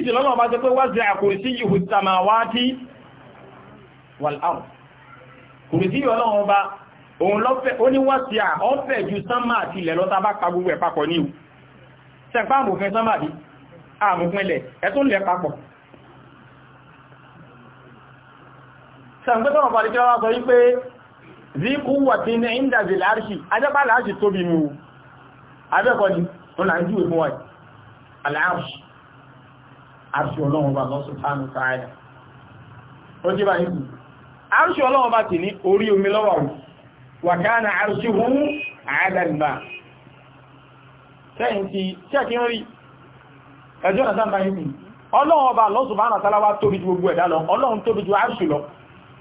[SPEAKER 1] ṣe ọlọ́run ọba òun lọ́fẹ́ ó ní wọ́n sí à ọ́fẹ́ ju sánmà àti ilẹ̀ lọ́ta bá pa gbogbo ẹ̀ papọ̀ ní ìwú sẹ́pá àmòfin sánmà bí àmòfinlẹ̀ ẹ̀tún lẹ̀ papọ̀ sẹ́pẹ́tọ̀rọ̀ pàdíkẹ́ wá sọ wípé zíkú wà tí ní ìndàzì láàrṣì ajẹ́pá láàrṣì tóbi mú abẹ́kọ̀ni wọn là ń júwe fún wa aláàrṣì àrṣì ọlọ́run bá lọ́sùn fánù sáà ó jẹ́ bá yìí àrṣì ọlọ́run bá tì ní orí omi lọ́wọ́ àwọn wàkánà arṣíhun àádàlmà sẹ́yìn ti ṣẹ́kí rí ẹjọ́ ọ̀nà sáàbà yìí ọlọ́run ọba Allah subhanahu wa ta'ala wá tóbi ju gbogbo ẹ̀dá lọ ọlọ́run tóbi ju arṣù lọ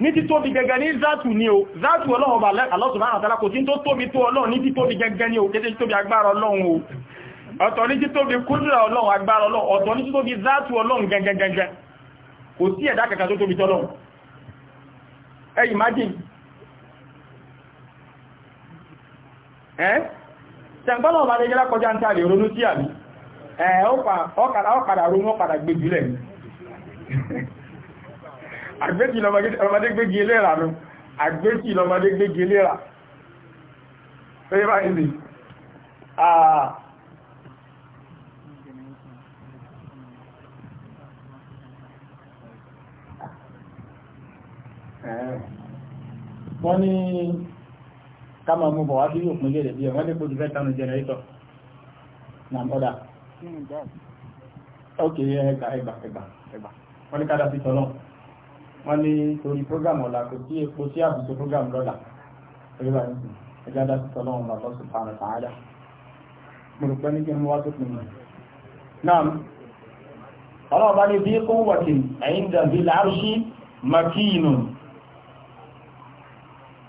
[SPEAKER 1] ní ti tóbi gẹ́gẹ́ ní zátù ní o zátù ọlọ́run ọba Allah subhanahu wa ta'ala kò sí tó tóbi tó ọlọ́run ní ti tóbi gẹ́gẹ́ ní o kéde tóbi agbára ọlọ́run o ọ̀tọ̀ imagine ẹ́ tẹ̀gbọ́nà ọba lè gẹ́lá kọjá ń tààrí ronú sí àmì ẹ̀ ọkàdà ronú ọkàdà gbégi lẹ̀ àgbéjì lọmọdé gbégi eléra nù àgbéjì lọmọdé gbégi eléra pé bá ìlú wọ́n ni ká máa mú bọ̀ wá sí yóò pínlẹ̀ rẹ̀ bí ẹ̀wọ́n lè kojú fẹ́tanu jẹnẹrétọ̀ na mọ́dà ok ẹgbà ẹgbà ẹgbà ẹgbà wọ́n ní kádà sí tọ́lọ́ wọ́n ní torí program ọ̀la kò sí epo sí àbùsọ program lọ́la ẹgbà ẹgbà dá sí tọ́lọ́ ọ̀la lọ́sùn fara sàádà mo rò pé ní kí n wá tó pin mi náà ọlọ́ọ̀bá ní bí kó wọ̀tì ẹ̀yìn dàbí làárùsí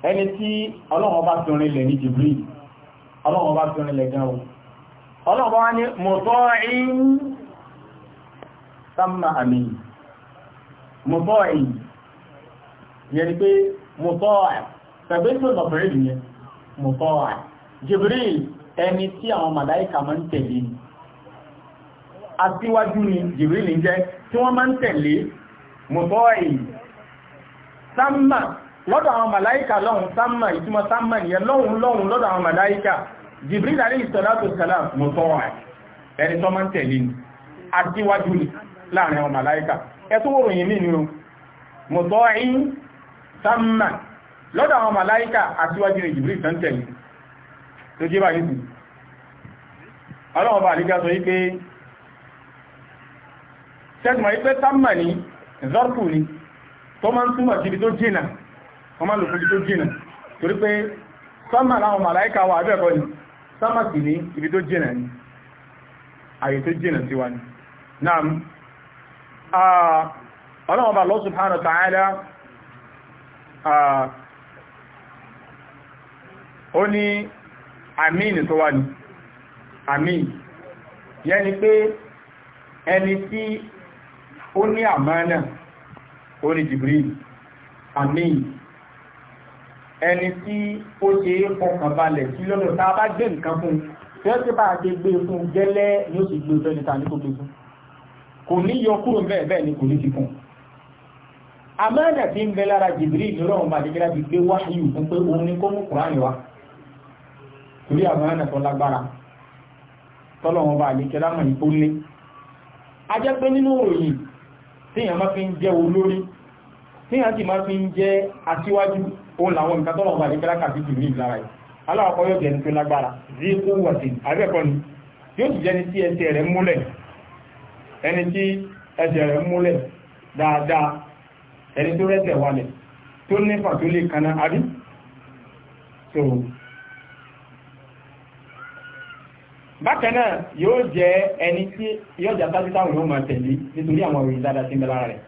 [SPEAKER 1] ẹni tí ọlọ́run bá fi orin lẹ̀ ní jìbìrì ọlọ́run bá fi orin lẹ̀ gan o ọlọ́run bá wá ní mọ̀tọ́rin sáàmà àmì mọ̀tọ́rin yẹni pé mọ̀tọ́rin tàbí tó lọ̀bẹ̀rẹ̀ nìyẹn mọ̀tọ́rin lọ́dọ̀ àwọn màláíkà lọ́hun sámà ìtumọ̀ sámà nìyẹn lọ́hun lọ́hun lọ́dọ̀ àwọn màláíkà Jibril alayhi salatu salam mọ̀tọ́wà ẹni tọ́ máa ń tẹ̀lé ni àtíwájú ni láàrin àwọn màláíkà ẹtú wòròyìn mí ni o mọ̀tọ́ìn sámà lọ́dọ̀ àwọn Jibril tán tẹ̀lé tó jẹ́ báyìí sí ọlọ́run bá àlígá sọ wípé sẹ́gbọ̀n wípé ni zọ́rkù ni tó máa ń túmọ̀ síbi tó jìnà wọ́n má lò fún ibi tó jìnà torí pé sánmà láwọn màláíkà wà abẹ́ẹ̀kọ́ ni sánmà sì ní ibi tó jìnà ni àyè tó jìnà sí wa ni náà ọlọ́wọ́n bá Allah subhanahu wa ta'ala ó ní àmín tó wà ní àmín yẹ́ ni pé ẹni tí ó ní àmánà ó ní Jibril àmín ẹni tí ó ṣe é fọkàn balẹ̀ sí lọ́dọ̀ tá a bá gbé nǹkan fún un tí ó ti bá a ṣe gbé fún un gẹ́lẹ́ ni ó sì gbé ọjọ́ níta ní kó gbé fún kò ní yọ kúrò bẹ́ẹ̀ bẹ́ẹ̀ ni kò ní ti fún un amánà tí ń bẹ lára jìbìrì ìlọ́rọ̀ ọba àdìgẹ́lá ti gbé wáyé fún pé òun ni kó mú kùránì wá torí amánà tó lágbára tọ́lọ̀ ọba àdìgẹ́lá mọ̀ ní kó lé a jẹ́ pé nínú òròyìn tíyàn máa fi ń jẹ́ olórí tíyàn sì máa fi ń jẹ́ aṣíwájú ó làwọn nǹkan tọ́lọ̀ bá nígbà kàbíkì ní ìlara yìí aláwọ̀kọ́ yóò jẹ́ ní tó lágbára sí kó wà sí àbẹ́ẹ̀kọ́ ni yóò sì jẹ́ ní tí ẹsẹ̀ rẹ̀ múlẹ̀ ẹni tí ẹsẹ̀ rẹ̀ múlẹ̀ dáadáa ẹni tó rẹ́sẹ̀ wálẹ̀ tó nífà tó lè kaná adí so bákanáà yóò jẹ́ ẹni tí yóò jà sáfítà òun yóò máa tẹ̀lé nítorí àwọn òrìṣà dáadáa sí mẹ́lára rẹ̀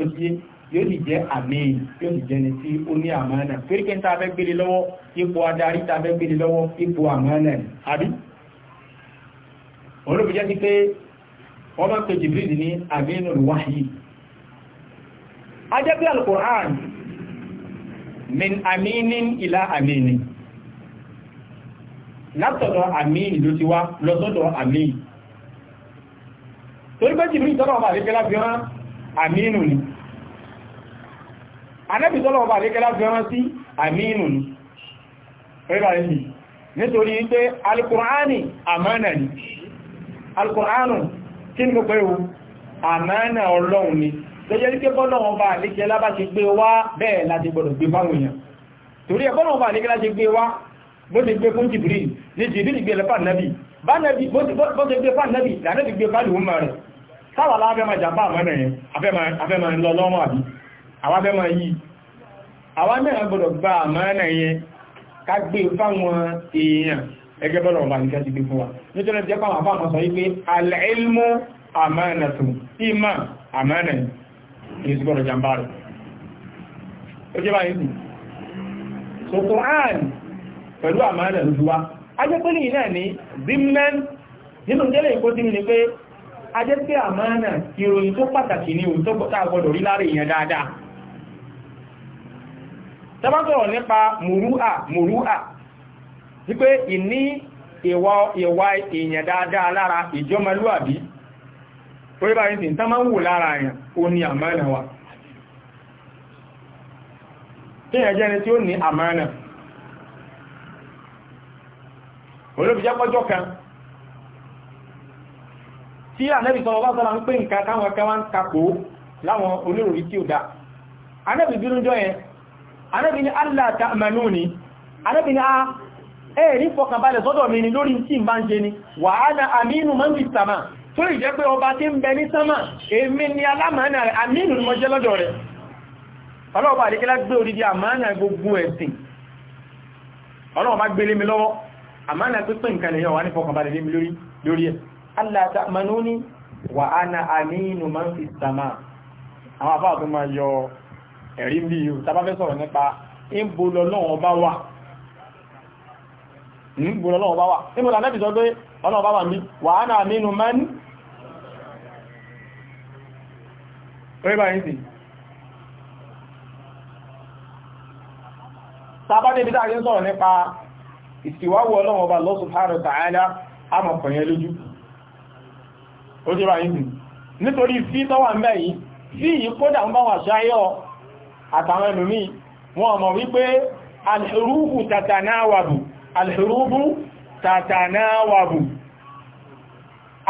[SPEAKER 1] ó ti yé yóò sì jẹ́ àmín yóò sì jẹni tí ó ní àmánà pẹ́ríkẹ́ tàbẹ́ gbélé lọ́wọ́ ipò adarí tàbẹ́ gbélé lọ́wọ́ ipò àmánà àbí olóbi jẹ́ sí pé wọ́n máa pè Jibril ní àmínul wahyi a jẹ́ pé al-Qur'an min aminin ila aminin látọ̀dọ̀ àmín ló ti wá lọ́sọ́dọ̀ àmín torí pé Jibril tọ́rọ̀ ọmọ àríkẹ́lá fi hàn àmínù ni anẹ́bì tọ́lọ̀ ọba àríkẹ́lá fi rán sí àmínù ní ríra ẹ̀sì nítorí pé alkùnránì àmánà ni alkùnránù kí ní pẹ́ o àmánà ọlọ́run ni tó yẹ ríké bọ́lọ̀ ọba àríkẹ́lá bá ti gbé wá bẹ́ẹ̀ láti gbọ́dọ̀ gbé fáwọn èèyàn torí ẹ̀ bọ́lọ̀ ọba àríkẹ́lá ti gbé wá bó ti gbé fún jìbìrì ní jìbìrì gbé lẹ́fà àwábẹ́mọ̀ yìí àwa náà gbọ́dọ̀ gba àmánà yẹn ká gbé e fáwọn èèyàn ẹgẹ́ bọ́lọ̀ ọba nìkan ti gbé fún wa nítorí jẹ́ pàwọn àfáà sọ wípé al-ilmu amánàtùn ìmọ̀ àmánà yìí sí gbọ́dọ̀ jàmbá rẹ̀ ó jẹ́ báyìí sí so Qur'an pẹ̀lú àmánà ló fi wá ajẹ́pẹ́lì náà ní zimnan nínú jẹ́lẹ̀ ìkó sí ni pé ajẹ́pẹ́ àmánà ìròyìn tó tẹ́bátọ̀rọ̀ nípa mùrúà mùrúà wípé ìní ìwà èèyàn dáadáa lára ìjọmọlúàbí orí bá yìí tán máa ń wò lára àyàn o ní àmánà wa tí èèyàn jẹ́ni tí ó ní àmánà olóbìjẹ́ pọ́jọ́ kan tí ànẹ́bì sọ ọba sọ́la ń pè nǹkan káwọn kẹwàá ń kapò láwọn oníròrí tí ó dá ànẹ́bì bínú jọ yẹn anábi ni allah ta'manuni anábi ni a ẹ̀rí fọkànbalẹ̀ sọ́dọ̀ mi ni lórí tí n bá ń ṣe ni wà á na aminu man fi sàmà tó lè jẹ́ pé ọba tí ń bẹ ní sánmà èmi ni alámàánà rẹ̀ aminu ni mo jẹ́ lọ́dọ̀ rẹ̀ ọlọ́ọ̀bá àdíkẹ́lá gbé odidi àmàánà gbogbo ẹ̀sìn ọlọ́ọ̀bá gbélé mi lọ́wọ́ àmàánà pípẹ́ nǹkan lè yọ wà ní fọkànbalẹ̀ lé mi lórí ẹ̀ aminu man fi sàmà àwọn afáàtún máa yọ ẹ̀rí bí i tàbáfẹ́ sọ̀rọ̀ nípa ìbòlọ́lọ́wọ́ bá wà ìbòlọ́lọ́wọ́ bá wà ìbòlọ́ anẹ́bì sọ ọlọ́wọ́ bá wà mí wà á náà nínú mẹ́ni rẹ́bà yìí sí tàbá débi tàbí sọ̀rọ̀ nípa ìsìwáwò ọlọ́wọ́ àtàwọn ẹlòmíì wọ́n mọ̀ wípé alhurubu tàtànáwàbù alhurubu tàtànáwàbù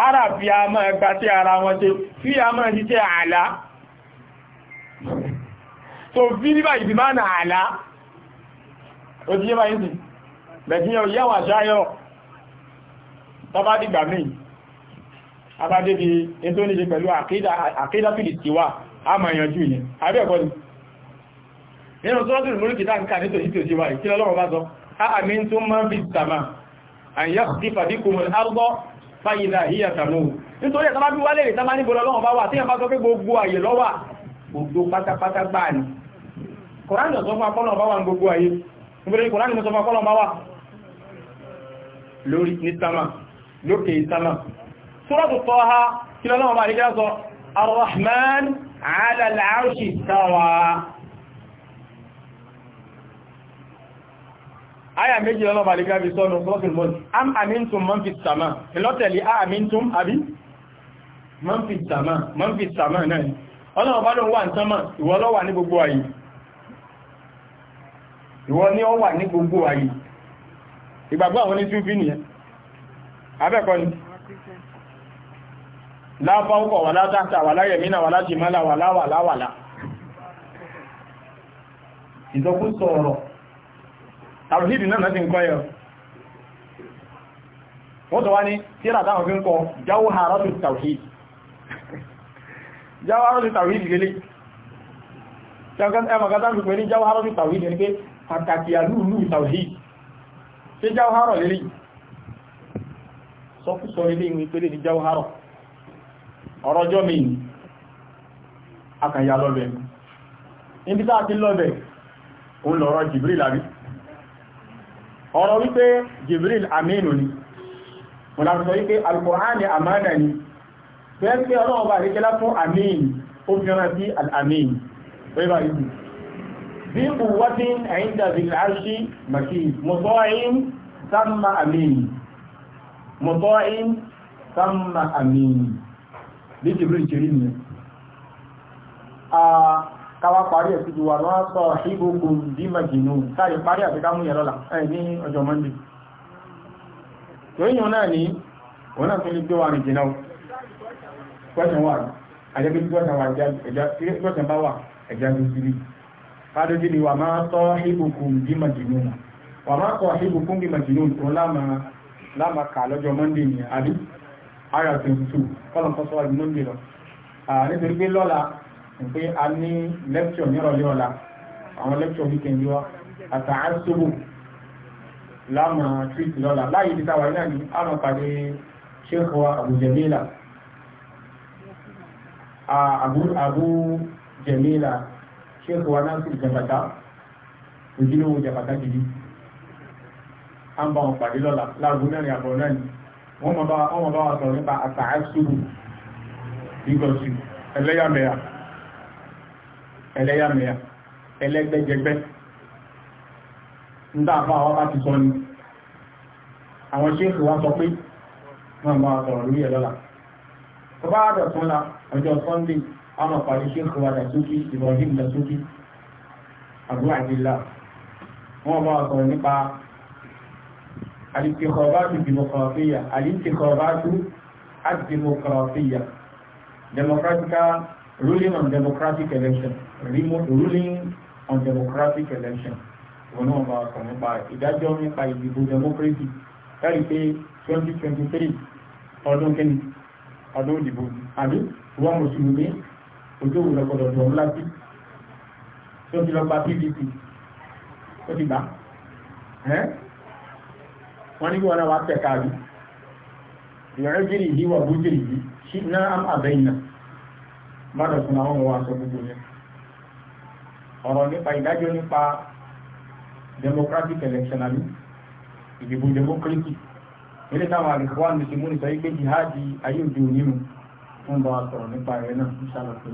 [SPEAKER 1] ara fi a mọ́ ẹgbà tí ara wọn tẹ fi a mọ́ sí tẹ àlá so fi níbà ìbí máa nà àlá ó ti yé bá yìí bẹ̀kí yọ yẹ́wà ṣáyọ̀ tọ́bá dìgbà míì a mọ̀ ìyànjú nínú tó rọ́dùn múrùkì dáǹkà ní tòyí tòyí wáyé kí lọ́wọ́ bá sọ àmì tó máa fi tàmà àyà ti fàdíkù mọ̀ arúgbọ́ fáyìlà híyà tàmù nítorí ẹ̀ta máa bí wálé rẹ̀ tàmà níbo lọ́wọ́ bá wà tí ẹ̀bá sọ pé gbogbo àyè lọ́wà gbogbo pátápátá gbà ní kòránì ọ̀sọ́ fún akọ́lọ̀ bá wà ní gbogbo àyè nítorí kòránì mọ́ sọ fún akọ́lọ̀ bá wà lórí àyà méjì lọ́nà màlìkà fi sọ́nù sọ́fìn mọ́lì am amintum man fi sàmà ìlọ́tẹ̀lì a amintum àbí man fi sàmà man fi sàmà náà ọlọ́run bá ló wà ní sánmà ìwọ ló wà ní gbogbo ayé ìwọ ni ó wà ní gbogbo ayé ìgbàgbọ́ àwọn oníṣú fi nìyẹn abẹ́kọ́ ni láfáúkọ̀ wà látàtà wà láyẹ̀mínà wà láti mọ́lá wà láwà láwà lá ìsọkúsọ ọ̀rọ̀ tàbíhìdì náà ti ń kọ́ yẹ wọ́n tó wá ní tíra táwọn fi ń kọ jawharatu tawhid jawharatu tawhid lélé ẹmọ̀kátà ń pè ní jawharatu tawhid ní pé pàtàkì àlúùlú tawhid ṣe lélé sọkúsọ lélé ìwé pélé ní ọ̀rọ̀ wípé Jibril aminu ni mo láti sọ wípé alkùránì amánà ni bẹ́ẹ̀ pé ọlọ́run bá àríkẹ́lá fún amin ó fi rán sí al'amin wíwá ìlú bí kùwọ́tín ẹ̀yìn dàbí arṣí màkí mọ̀tọ́rin Jibril jẹ́rí ni káwá parí ẹ̀sí ti wà lọ́wọ́ sọ ìgbogbo ìdímàjìnú táyì parí àti ká mú yẹ lọ́la ẹ̀ ní ọjọ́ mọ́ndì toríyàn náà ní òun náà ní gbé wa jìnà question one àjẹ́bí question one question bá wà ẹ̀já tó sírí kádójú ni wà máa sọ ìgbogbo ìdímàjìnú wà máa sọ ìgbogbo ìdímàjìnú òun láàmà kà lọ́jọ́ mọ́ndì ni àbí ara 22 kọ́lọ̀ kọ́sọ́wà ìdínú nítorí pé pé a ní lẹ́kṣọ̀ nírọ̀lẹ́ ọ̀la àwọn lẹ́kṣọ̀ weekend wa àtàásóbò láàmà tríìtì lọ́la láyé ti táwa náà ní àmà pàdé sheikh wa abu jamila abu abu jamila sheikh wa náà sì jàpàtà ojúlówó jàpàtà jìbí a ń bá wọn pàdé lọ́la láàgbó náà ní àbọ̀ náà ni wọ́n mọ̀ bá wọn sọ̀rọ̀ nípa àtàásóbò bígọ̀sì ẹlẹ́yàmẹ̀yà ẹlẹ́yàmẹ̀yà ẹlẹ́gbẹ́jẹgbẹ́ ń dáàfà àwọn bá ti sọ ní àwọn ṣéèkì wá sọ pé wọ́n máa sọ̀rọ̀ lórí ẹ̀lọ́la tó bá dọ̀tún la ọjọ́ sunday a máa pàdé ṣéèkì wá dàtúkì Ibrahim dàtúkì àbúrò àdìlá wọ́n máa democratical ruling on democratic election Remote ruling on democratic election wọn náà bá sọ nípa ìdájọ́ nípa ìdìbò democracy láti pé 2023 ọdún kẹ́ni ọdún ìdìbò àbí wọ́n mùsùlùmí ojú òun lọ́gbọ́dọ̀ tó ń láti tó ti lọ gba pdp ó ti gbà wọ́n ní kí wọ́n náà wá tẹ̀ka rí ìrẹ́ jìrì yìí wà bú jìrì yìí ṣí náà àbẹ́yìn náà bá dọ̀ tún àwọn ọmọ wa sọ gbogbo yẹn ọ̀rọ̀ nípa ìdájọ́ nípa democratic election àlú ìdìbò democracy ilé táwọn àlùkò àmì ti múnisọ yìí pé jihadi ayé òde òní mu fún bá wa sọ̀rọ̀ nípa rẹ̀ náà ń ṣàlọ̀ pé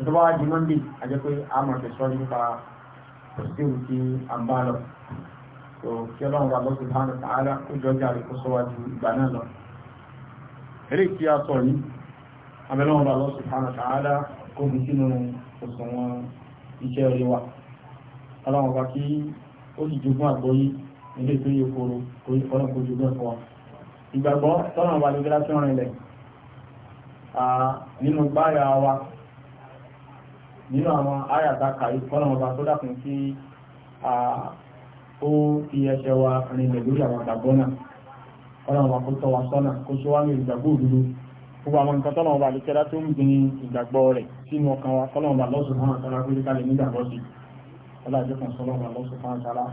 [SPEAKER 1] ìtọ́ bá wá di monday a jẹ́ pé a mọ̀ tẹ̀sọ́ nípa òṣèlú tí a ń bá lọ tó kí ọlọ́run wa lọ́sùn táwọn tààlà ó jọjá rẹ̀ kó sọ́wájú ìgbà náà lọ. eré tí a sọ yìí abẹ́lọ́run wa lọ́sùn táwọn tààlà kó fi sínú òṣùwọ̀n iṣẹ́ rẹ̀ wà ọlọ́run bá kí ó sì jogún àgbọ́yé ilé tó yẹ kóró ọlọ́run kò jogún ẹ̀fọ́ wa ìgbàgbọ́ tọ́nà wà lókè láti rìn lẹ̀ nínú gbáyà wa nínú àwọn àyàtà kàí kọ́nà ọba tó dàkún sí ó fi ẹsẹ̀ wa rìnlẹ̀ lórí àwọn àgbàgbọ́ náà ọ̀nà wà kó tọ́ wa sọ́nà kó ṣe wá ní ìgbàgbọ́ òdodo gbogbo àwọn nǹkan tọ́nà ọba àlùkẹ́lá tó ń gbin ìgbàgbọ́ rẹ̀ sínú ọkàn wa kọ́lọ́mọba lọ́sùn fún àtàrà pé ká lè nígbà lọ́sì ọlájọ́ kan sọ́lọ́mọba lọ́sùn fún àtàrà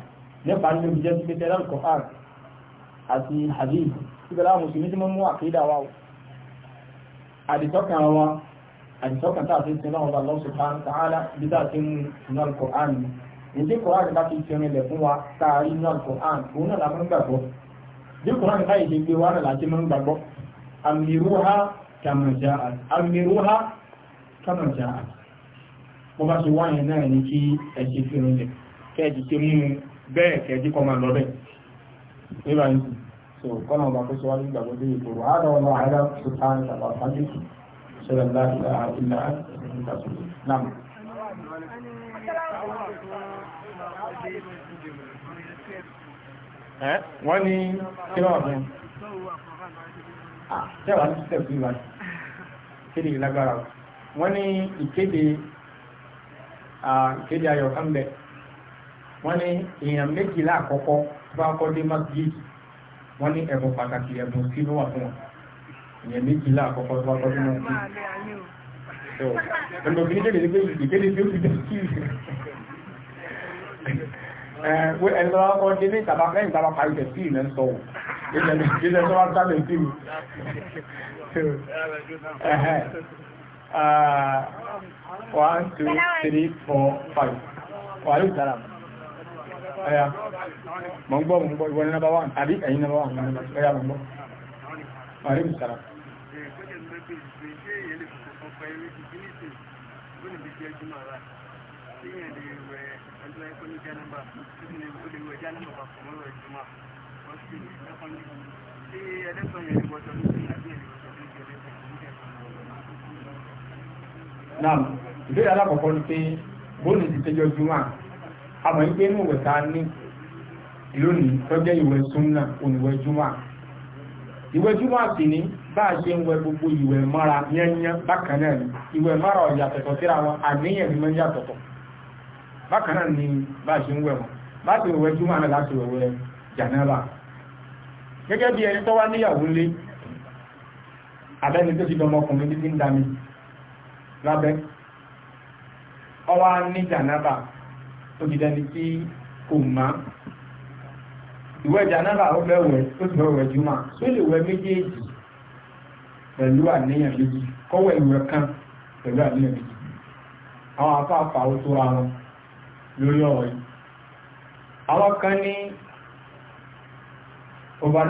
[SPEAKER 1] nípa nínú ìjẹ́ sí pété lálùkọ art àti hadith síbẹ̀ láwọn mùsùlùmí tí wọ́n mú àkídà wa àdìsọ́kàn wa àdìsọ́kàn tá a ti sin lọ́wọ́ba lọ́sùn fún àtàrà bí tá a ti mú inú àlùkọ art ni ìdí kọ́láàrì bá ti tẹrin sọ́nà jà bó bá ṣe wáyé náà ní kí ẹ̀ṣẹ̀ fi rinlẹ̀ kẹ́ẹ̀dì ṣe mú bẹ́ẹ̀ kẹ́ẹ̀dì kọ́ máa lọ nígbà yìí so kọ́nà ọba kó sọ wá nígbà tó dé ìgbòho àádọ́ ọ̀nà àádọ́ tó ta ní sàbà fájú sọ̀rọ̀ láìlà ìlà ìtàkùn náà. wọ́n ní kí lọ́wọ́ fún un ah, tẹ́wàá ní sítẹ̀pù ìwà kí ni ìlágbára wọn wọ́n ní ìkéde ìkéde ayọ̀ kan bẹ̀ wọ́n ní èèyàn méjìlá àkọ́kọ́ tó bá kọ́ dé masjid wọ́n ní ẹ̀bùn pàtàkì ẹ̀bùn sí ló wà fún wọn èèyàn méjìlá àkọ́kọ́ tó bá kọ́ dé masjid ẹ̀bùn òfin kéde ní pé ìkéde tí ó fi dé sí ẹ̀wọ́ ẹ̀lọ́ ọdí ní ìtàbá lẹ́yìn tàbá parí tẹ̀ sí ilẹ̀ ń sọ wò ilẹ̀ tó wá sábẹ̀ sí mi Uh, one, two, three, four, five. Wà ní ìtara.
[SPEAKER 2] Ọya, mọ̀ ń gbọ́, mọ̀ ń
[SPEAKER 1] gbọ́, ìwọ ni number one, àbí ẹ̀yin number one, ọya mọ̀ ń gbọ́. Wà ní ìtara.
[SPEAKER 2] Tí ẹlẹ́gbọ̀n yẹn ni wọ́n
[SPEAKER 1] sọ ní àbí ẹ̀lẹ́gbọ̀n. náà ìbéèrè alákọ̀ọ́kọ́ ni pé bóòlù ti tẹ́jọ́ júmọ́ àmọ́ ìgbé inú ìwẹ̀ ta ní lónìí tọ́jẹ́ ìwẹ̀ súnmọ́ òníwẹ̀ júmọ́ ìwẹ̀ júmọ́ sì ní bá a ṣe ń wẹ gbogbo ìwẹ̀ mọ́ra yẹ́nyẹ́ bákan náà ni ìwẹ̀ mọ́ra ọ̀yà tọ̀tọ̀ síra wọn àníyàn ni mọ́ yàtọ̀tọ̀ bákan náà ni bá a ṣe ń wẹ̀ wọn bá a ṣe wẹ̀ lábẹ́ ọwá ní jànábà ó ti dẹni tí kò má ìwẹ̀ jànábà ó bẹ̀wẹ̀ ó ti bẹ̀wẹ̀ tó lè méjèèjì pẹ̀lú àníyàn méjì kan pẹ̀lú àníyàn méjì àwọn afáfà ó tó ra wọn lórí ọ̀rọ̀ yìí kan ní ọba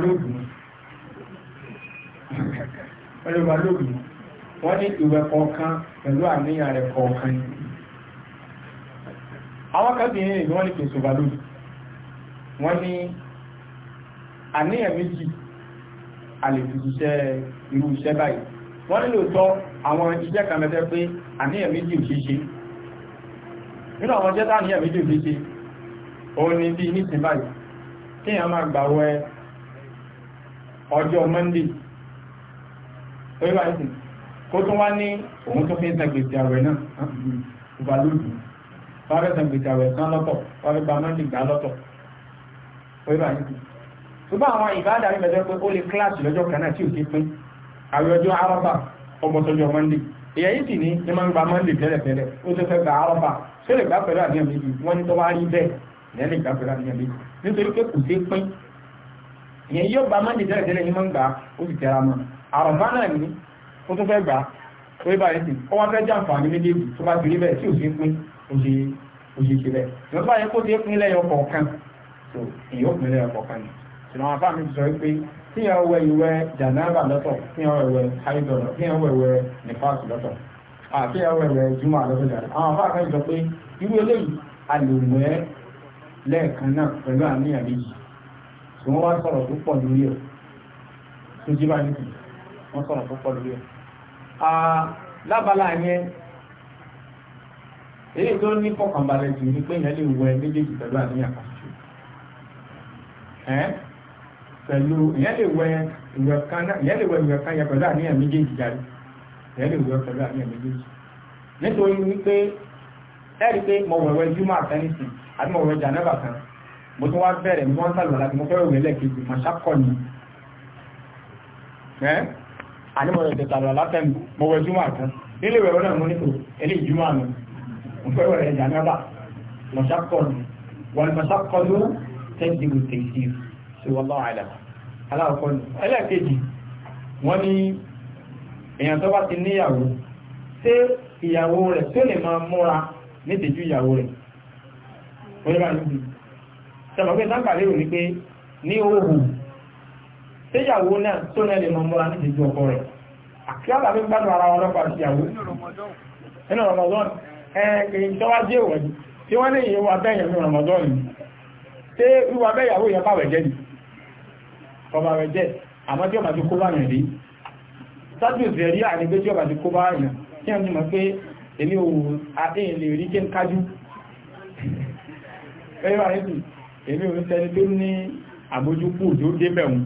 [SPEAKER 1] ọba lóògùn wọ́n ní ìwẹ̀ kọ̀ọ̀kan pẹ̀lú àníyàn rẹ̀ kọ̀ọ̀kan àwọn kábìnrin ni wọ́n ní kèsò bàlú wọ́n ní àníyàn méjì àlèfi iṣẹ́ irú iṣẹ́ báyìí wọ́n nílò tọ́ àwọn iṣẹ́ kan mẹ́tẹ́ pé àníyàn méjì ò ṣeéṣe nínú àwọn jẹ́ta àníyàn méjì ò ṣeéṣe òun ni bí nísìn báyìí kí èèyàn máa gbàwẹ̀ ọjọ́ Monday orí báyìí kó tún wá ní òun tó fi ń san gbèsè àwẹ̀ náà ìgbà lójú wọ́n fẹ́ san gbèsè àwẹ̀ san lọ́tọ̀ wọ́n fẹ́ gba mọ́ndì gbà lọ́tọ̀ ó yẹ báyìí ṣùgbọ́n àwọn ìbáàdà rí mẹ́jọ pé ó lè kíláàsì lọ́jọ́ kan náà tí ò ti pín àwẹ̀ ọjọ́ arọ́bà ọgbọ̀tọ́jọ́ mọ́ndì èyí yìí sì ní ní máa ń gba mọ́ndì tẹ́lẹ̀tẹ́lẹ̀ ó tó fẹ́ gba arọ́bà ṣé lè gbà pẹ̀lú àníyàn méjì wọ́n ní tó wá rí bẹ́ẹ̀ ìyẹn lè gbà pẹ̀lú àníyàn méjì nítorí pé kò sí pín ìyẹn yóò gba mọ́ndì tẹ́lẹ̀tẹ́lẹ̀ ní máa ń gbà ó sì tẹ́ra mọ́ àrọ̀bá náà ní ó tó fẹ́ gbà ó yẹ báyìí sí ó wá fẹ́ jàǹfààní méjèèjì tó bá ti rí bẹ́ẹ̀ tí ò sí pín òṣè òṣè ṣe ìwọ́n tó bá yẹ kó ti pín lẹ́yọ kọ̀ọ̀kan tó èyí pín lẹ́yọ kọ̀ọ̀kan ni ṣùgbọ́n àbá mi sọ pé tí yẹn wẹ ìwẹ̀ jàǹdàbà lọ́tọ̀ tí yẹn wẹ̀wẹ̀ àìdọ̀lọ̀ tí yẹn wẹ̀wẹ̀ nífàsì lọ́tọ̀ àti yẹn wẹ̀wẹ̀ jùmọ̀ àlọ́tọ̀ jàǹdà àwọn àbá kan sọ pé irú eléyìí a lè wẹ̀ lẹ́ẹ̀kan náà pẹ̀lú àníyàn méjì tí wọ́n sọ̀rọ̀ tó pọ̀ lórí ẹ̀ tó jí bá nìkan wọ́n sọ̀rọ̀ tó pọ̀ lórí ẹ̀ lábala yẹn èyí tó ní fọkànbalẹ̀ jù ní pé yẹn lè wọ ẹ méjèèjì pẹ̀lú àníyàn kan ṣoṣo pẹ̀lú yẹn lè wọ ìwẹ̀ kan yẹn yẹn pẹ̀lú àníyàn méjèèjì jáde yẹn lè wọ pẹ̀lú àníyàn méjèèjì nítorí wípé ẹ̀rí pé mo wẹ̀wẹ̀ júmọ̀ àtẹ́nìsì àti mo wẹ̀wẹ̀ jàǹdàbà kan mo tún wá bẹ̀rẹ̀ mo tún wá sàlùwà láti mo fẹ́ wẹ̀wẹ̀ lẹ́ẹ̀kejì mo ṣàkọ́ ni àníbọ̀rẹ̀ tẹ̀tàrà látẹ́mù mọ́wẹ́ júmọ́ àkán nílé ìwẹ̀rọ náà mú ní kò ilé ìjúmọ́ àmì ìfẹ́wẹ̀ rẹ̀ jàmẹ́bà mọ̀ṣákọ̀ọ̀nù wọn mọ̀ṣákọ̀ọ̀lú tẹ́jìwò tẹ̀síf sí wọ́n lọ́wọ́ àìlà aláàkọ́nù ẹlẹ́ẹ̀kejì wọ́n ní èèyàn tó bá ti níyàwó ṣé ìyàwó rẹ̀ tó lè máa múra nítìjú ìyàwó rẹ̀ oníbàánu sọ̀rọ̀ pé ní pé òhùn séyàwó náà tó náà lè mọ mọ́ra ní ìdíjú ọkọ rẹ̀ àkíyàlà fi gbádùn ara wọn lọ́pàá síyàwó nínú Ramadan ẹ̀ẹ́kìrì tọ́wá jẹ́ ìwọ̀dí tí wọ́n lè yíwa bẹ́yàn ní Ramadan ni tí wíwa bẹ́yàwó yẹn bàwẹ̀ jẹ́ ni ọba rẹ̀ jẹ́ àmọ́ tí ọba ti kó bá yàn rí sájú ìfẹ̀rí àrígbé tí ọba ti kó bá yàn tí wọ́n ti mọ̀ pé èmi ò àtẹ́yìn lè rí kí n kájú èmi ò ń sẹni tó ní àbójúkú tó dé bẹ̀rùn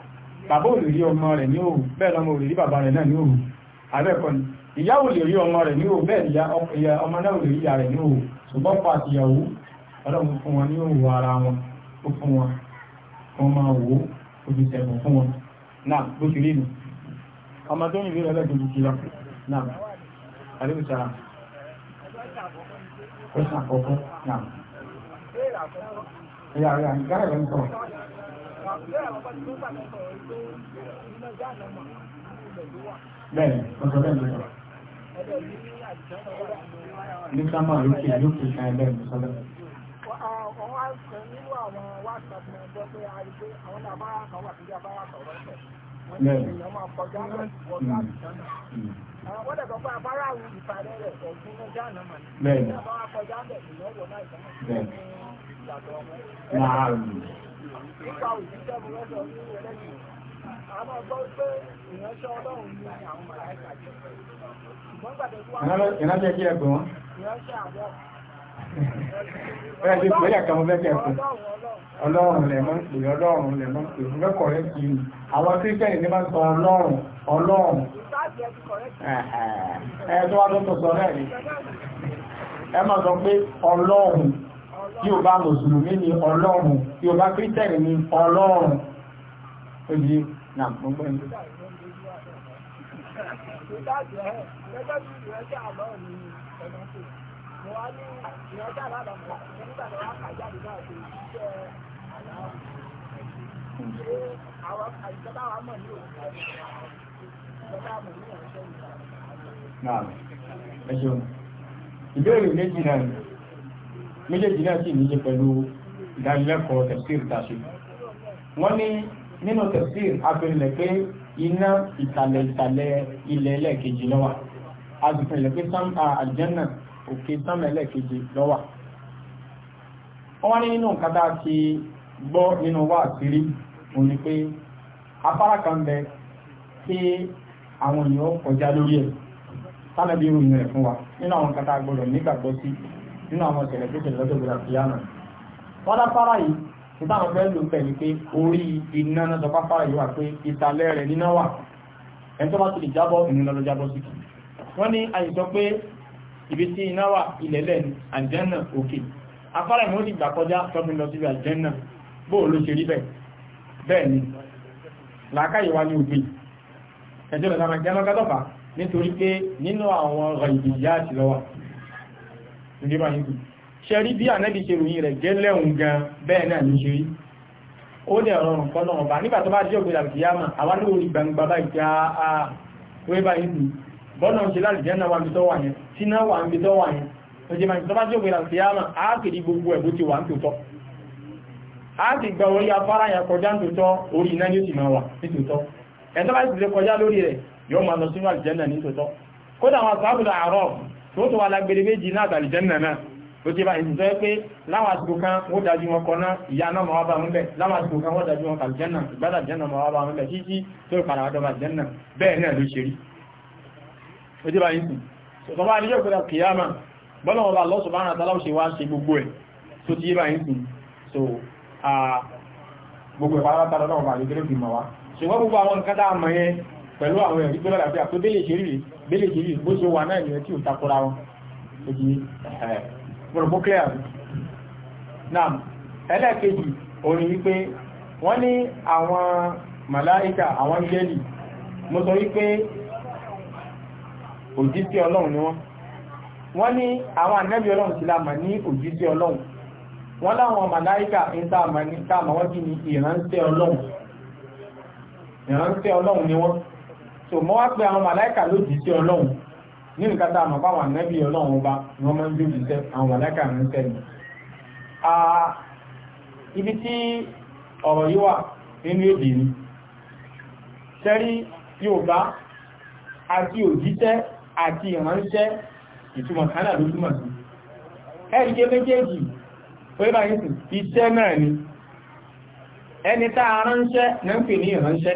[SPEAKER 1] bàbá ò lè rí ọmọ rẹ̀ ní òru bẹ́ẹ̀ lọ́mọ ò lè rí bàbá rẹ̀ náà ní òru abẹ́kọ̀ ni ìyá ò lè rí ọmọ rẹ̀ ní òru bẹ́ẹ̀ ìyá ọmọ náà ò lè rí ìyá rẹ̀ ní òru ṣùgbọ́n pa àtìyàwó ọlọ́run fún wọn ní òru ara wọn ó fún wọn wọn máa wò ó ojú tẹ̀kùn fún wọn náà bó ti rí nu ọmọ tó ń rí lẹ́gbẹ̀ẹ́ ti lọ náà àdébù sára ó ṣàkọ́kọ́ náà Bẹ́ẹ̀ni, Ní sámà lókè lókè kan ẹgbẹ́ ìmúsọ́lẹ̀.
[SPEAKER 2] Àwọn àìsàn
[SPEAKER 1] nínú àwọn WhatsApp náà pé a rí pé àwọn àbára kan wà sí àbára kan lọ́sẹ̀. Wọ́n ní èèyàn máa kọjá lọ́sẹ̀ wọ́n láti sọ́nà. Wọ́n dẹ̀ sọ pé àbára àwọn ìpàdé rẹ̀ ọ̀gbìn Bẹ́ẹ̀ni. Bẹ́ẹ̀ni. Ìyàtọ̀
[SPEAKER 2] nípa ìránṣẹ́ kí ẹ̀kọ́ wọn ìránṣẹ́ àwọn Bẹ́ẹ̀ ti pè é ẹ̀ka
[SPEAKER 1] Ọlọ́run lẹ̀ máa pè ọlọ́run lẹ̀ máa pè fún kẹ́kọ̀ọ́ rẹ̀ kì í. Àwọn kírísítẹ́nì ní máa sọ ọlọ́run ọlọ́run.
[SPEAKER 2] Ẹ tó wá tó tó sọ
[SPEAKER 1] náà máa sọ pé ọlọ́run Yorùbá mùsùlùmí ni ọlọ́run Yorùbá kírísítẹ̀rì ni ọlọ́run ó yí nà gbogbo ẹni. Ìbéèrè méjì náà méjèèjì náà sì níye pẹ̀lú ìdánilẹ́kọ̀ọ́ tẹ̀síìr tàṣe wọ́n ní nínú tẹ̀síìr abẹ́rẹ́lẹ̀ pé iná ìtàlẹ̀ ìtàlẹ̀ ilẹ̀ ẹlẹ́ẹ̀kejì lọ́wà azùfẹ́lẹ̀ pé sámà àjẹ́nà òkè sámà ẹlẹ́ẹ̀kejì lọ́wà wọ́n ní nínú nǹkan tá a ti gbọ́ nínú wá àṣírí òun ni pé afárá kan bẹ tí àwọn èèyàn kọjá lórí ẹ̀ sábẹ́bí ìròyìn rẹ̀ fún wa nínú àwọn nǹkan gbọ́dọ̀ nígbàgbọ́ sí nínú àwọn ìṣẹ̀lẹ̀ tó ṣẹlẹ̀ lọ́jọ́ ìgbéra fìyàmù wọ́n lápára yìí ní táwọn fẹ́ lò pẹ̀ pé orí iná náà sọpá fara yìí wà pé ìsàlẹ̀ rẹ̀ níná wà ẹni tó bá ti lè jábọ́ ìnú lọ́lọ́ jábọ́ sí kì wọ́n ní àyíṣọ́ pé ibi tí iná wà ilẹ̀lẹ̀ ní àjẹ́nà òkè afárá ìmọ̀ ti gbà kọjá tọ́fin lọ síbi àjẹ́nà bóò ló ṣe rí bẹ́ẹ̀ bẹ́ẹ̀ ni làákàyè wa ní òkè ẹjọ́ lọ́dọ̀ nítorí pé nínú àwọn ọ̀rọ̀ ìbìyà àti ìdíbà yìí ṣe rí bí ànẹ́bí ṣe ròyìn rẹ̀ gẹ́lẹ́hùn gan bẹ́ẹ̀ náà ní ṣe rí ó dẹ̀ rọrùn kan náà ọba nígbà tó bá jẹ́ ògbé làbìtì yáma àwa ní orí gbangba bá ìjà wẹ́bà yìí bọ́nà ṣe láti jẹ́ náà wà ń bitọ́ wà yẹn tí náà wà ń bitọ́ wà yẹn ó jẹ́ máa tó bá jẹ́ ògbé làbìtì yáma á kìí gbogbo ẹ̀ bó ti wà ń tòótọ́ tó tó wà lágbèrè méjì náà àtàlìjẹ́nà náà ó ti bá ìsìn tó yẹ pé láwọn àsìkò kan wọ́n dájú wọn kọ náà ìyá náà máa bá wọn bẹ̀ láwọn àsìkò kan wọ́n dájú wọn kàlìjẹ́nà ìgbádàjẹ́nà máa bá wọn bẹ̀ títí tó padà wọ́n dọ́bà jẹ́nà bẹ́ẹ̀ náà ló ṣe rí ó ti bá ìsìn tó pẹ̀lú àwọn ẹ̀rí tó lọ́la bí àpò délé ìṣeré délé ìṣeré bó ṣe wà náà ìyẹn tí ò takora wọn òjì gbọ̀rọ̀gbọ́ clear náà ẹlẹ́ẹ̀kejì orin wípé wọ́n ní àwọn màláíkà àwọn jẹ́lì mo sọ wípé òjíṣẹ́ ọlọ́run ni wọ́n wọ́n ní àwọn ànábì ọlọ́run ti láàmà ní òjíṣẹ́ ọlọ́run wọ́n láwọn màláíkà ń táàmà wọ́n kí ni ìránṣẹ́ ọlọ́run ọlọ́run ni wọ́n so mọ́ wá pé àwọn màláìkà lòdì sí ọlọ́run ní ọba ni wọ́n máa ń lòdì àwọn ibi tí ọ̀rọ̀ yìí wà nínú èdè ni sẹ́rí Yorùbá àti òjíṣẹ́ àti ìránṣẹ́ ìtumọ̀ kánà ló túmọ̀ sí méjèèjì yìí iṣẹ́ náà ni ẹni tá a ránṣẹ́ náà ń pè ní ìránṣẹ́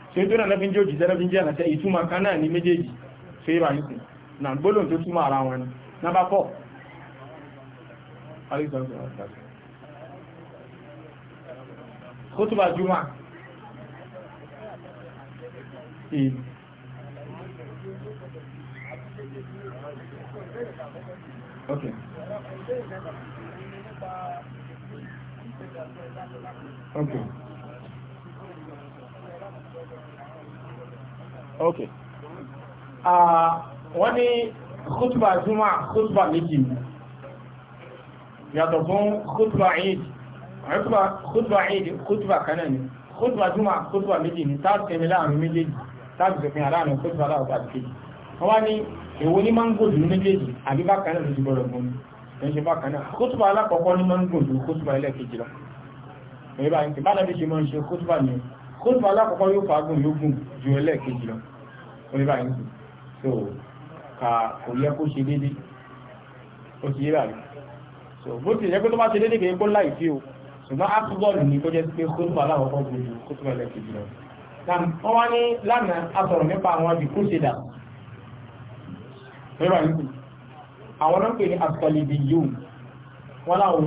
[SPEAKER 1] ṣe tó náà fi jẹ́ òjì tẹ́lẹ̀ fi jẹ́ ànàṣẹ́ ìtumọ̀ kan náà ní méjèèjì ṣe ìbà nìkan na gbólóhùn tó túmọ̀ ara wọn ni nàbà pọ̀ kótóbà jùmọ̀ ok ok ok wọ́n ní khutba juma khutba méjì yàtọ̀ fún khutba eid khutba eid khutba kanáà ni khutba juma khutba méjì ni táàbù tẹ̀mí láàrin méjèèjì táàbù tẹ̀mí láàrin khutba láàrin àti kejì wọ́n wá ní èwo ní máa ń gòdù ní méjèèjì àbí bákan náà ló ti gbọ́dọ̀ gbọ́n ní ṣe bákan náà khutba alákọ̀ọ́kọ́ ní máa ń gòdù khutba ẹlẹ́kejì lọ èyí bá ń tẹ̀ bá nàbí ṣe máa ń ṣe khutba ni kóòtù alákọ̀ọ́kọ́ yóò fagún yóò gùn ju ẹlẹ́ẹ̀kejì lọ oníbà ń so ka kò yẹ kó ṣe dédé ó ti yé báyìí so bó ti yẹ kó tó bá ṣe dédé kì í kó láì fi o ṣùgbọ́n ápùbọ́ọ̀lù ni kó jẹ́ pé kóòtù alákọ̀ọ́kọ́ gùn ju kóòtù ẹlẹ́ẹ̀kejì lọ wọ́n wá ní lánàá asọ̀rọ̀ nípa àwọn àbí kúrṣẹ́dà oníbà ń sùn àwọn náà pè ní asọ̀lìdì yìí wọ́n láwọn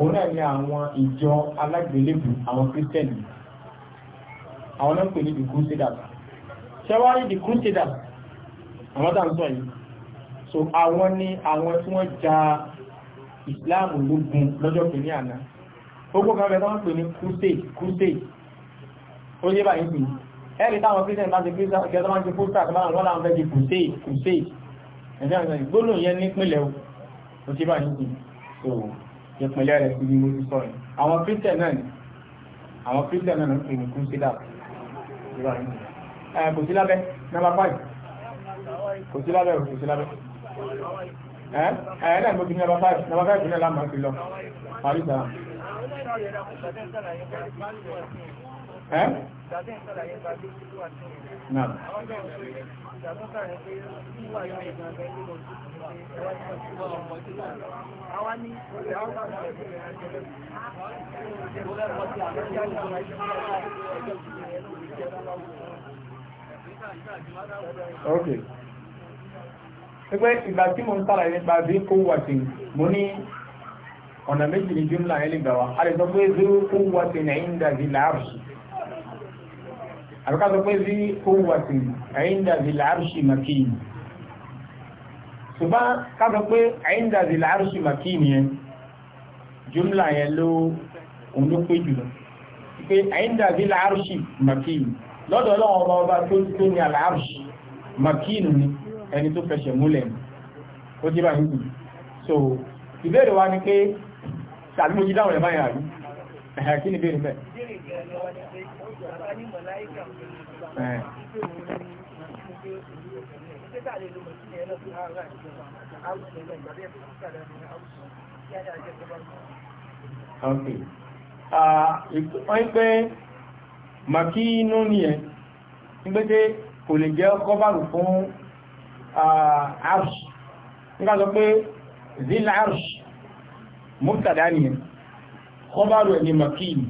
[SPEAKER 1] òun náà ni àwọn ìjọ alágbélébù àwọn kírísítẹ̀nì àwọn náà ń pè ní the crusaders ṣẹ́wárí the crusaders àwọn tá ń sọ yìí so àwọn ni àwọn tí wọ́n ja ìsìláàmù lógun lọ́jọ́ kìíní àná gbogbo kan bẹ̀rẹ̀ wọ́n pè ní crusade crusade ó yé báyìí sí ẹ̀rí táwọn christian bá ti kẹta máa ti pósítà tó máa wọ́n fẹ́ di crusade crusade ẹ̀jẹ̀ àgbẹ̀ gbóòlù yẹn ní ìpínlẹ̀ o ó ti báyìí sí so ìpínlẹ̀ rẹ̀ sí ní orí sọ́rọ̀ àwọn christian náà ni àwọn christian náà ń pè ní crusader kò sí lábẹ́ number five kò sí lábẹ́ kò sí lábẹ́ ẹ̀ ẹ̀ náà mo ti ní number five number five ní ẹ̀ lámàá sí lọ parí sáà ẹ́ Okay. Ẹgbẹ́ ìgbà tí mo ń sára nípa bí kó wà tí mo ní ọ̀nà méjì ní jùmlà ẹlẹ́gbàwà, a lè sọ pé zuru kó wà tí ní ẹ̀yìn dàbí láàrùsù àbíká sọ pé bí ohun makini àyíǹda zìlà àrùsì màkìyìn ṣùgbọ́n makini sọ jumla àyíǹda zìlà àrùsì màkìyìn yẹn jùmlà yẹn ló òun ló pé jùlọ pé àyíǹda zìlà àrùsì màkìyìn lọ́dọ̀ ọlọ́run ni ẹni tó fẹsẹ̀ múlẹ̀ ni ó ti so ìbéèrè wa ni pé tàbí mo ti dáhùn ẹ̀hẹ̀ kí ni bèèrè mẹ́ wọ́n pé màkí inú ni ẹ̀ nígbẹ́tẹ́ kò lè jẹ́ kọ́bàrù fún arṣ nígbàtọ̀ pé zil arṣ mọ́tàdá ni ẹ̀ kọbárò ẹni makíni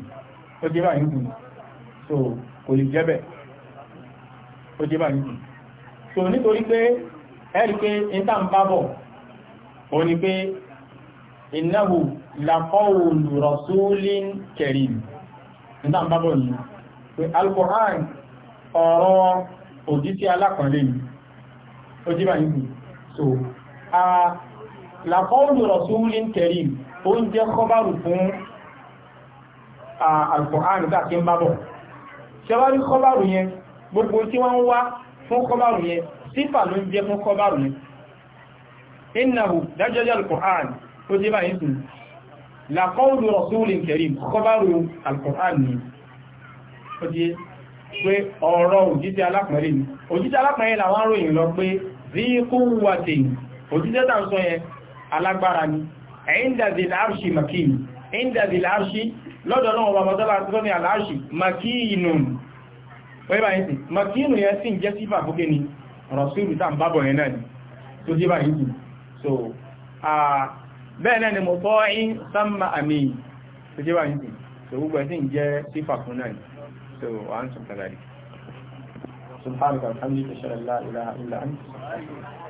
[SPEAKER 1] ó jẹ́ bá yìí so kò lè jẹ́bẹ̀ ó jẹ́ bá yìí so nítorí pé ẹ̀rí pé ìta ń bábọ̀ ó ní pé innahu laqawlu rasulin karim ìta ń bábọ̀ yìí pé al-Qur'an ọ̀rọ̀ òjíṣẹ́ alákọ̀ọ́lẹ̀ yìí ó jẹ́ bá yìí so a laqawlu rasulin karim ó ń jẹ́ kọbárò fún alkùnrin tàbí ń bábọ̀ ṣẹwárí kọbárù yẹn gbogbo tí wọ́n ń wá fún kọbárù yẹn sífà ló ń jẹ́ fún kọbárù yẹn innahu dájọ́jọ́ alkùnrin tó jẹ́ báyìí sùn làkọ́ọ̀lù rasulin karim kọbárù alkùnrin ni ó jẹ́ pé ọ̀rọ̀ òjíṣẹ́ alápẹ̀rẹ̀ ni òjíṣẹ́ alápẹ̀rẹ̀ làwọn ròyìn lọ pé rí kúwàtè òjíṣẹ́ tàbí sọ ẹ̀yìn dàdì láàrùsí lọ́dọ̀ náà ọba mọ́tọ́lá tí lọ́ní aláàṣì makíìnù wọ́n bá yìí sí makíìnù yẹn sí jẹ́ sífà fókè ni rọ̀sílù tàn bábọ̀ yẹn náà ni tó jẹ́ bá yìí sí so bẹ́ẹ̀ náà ni mo tọ́ in sánmà àmì tó jẹ́ bá yìí sí so gbogbo ẹ̀ sí jẹ́ sífà fún náà ni so wọ́n sọ kàdàrí سبحانك والحمد لله لا
[SPEAKER 2] إله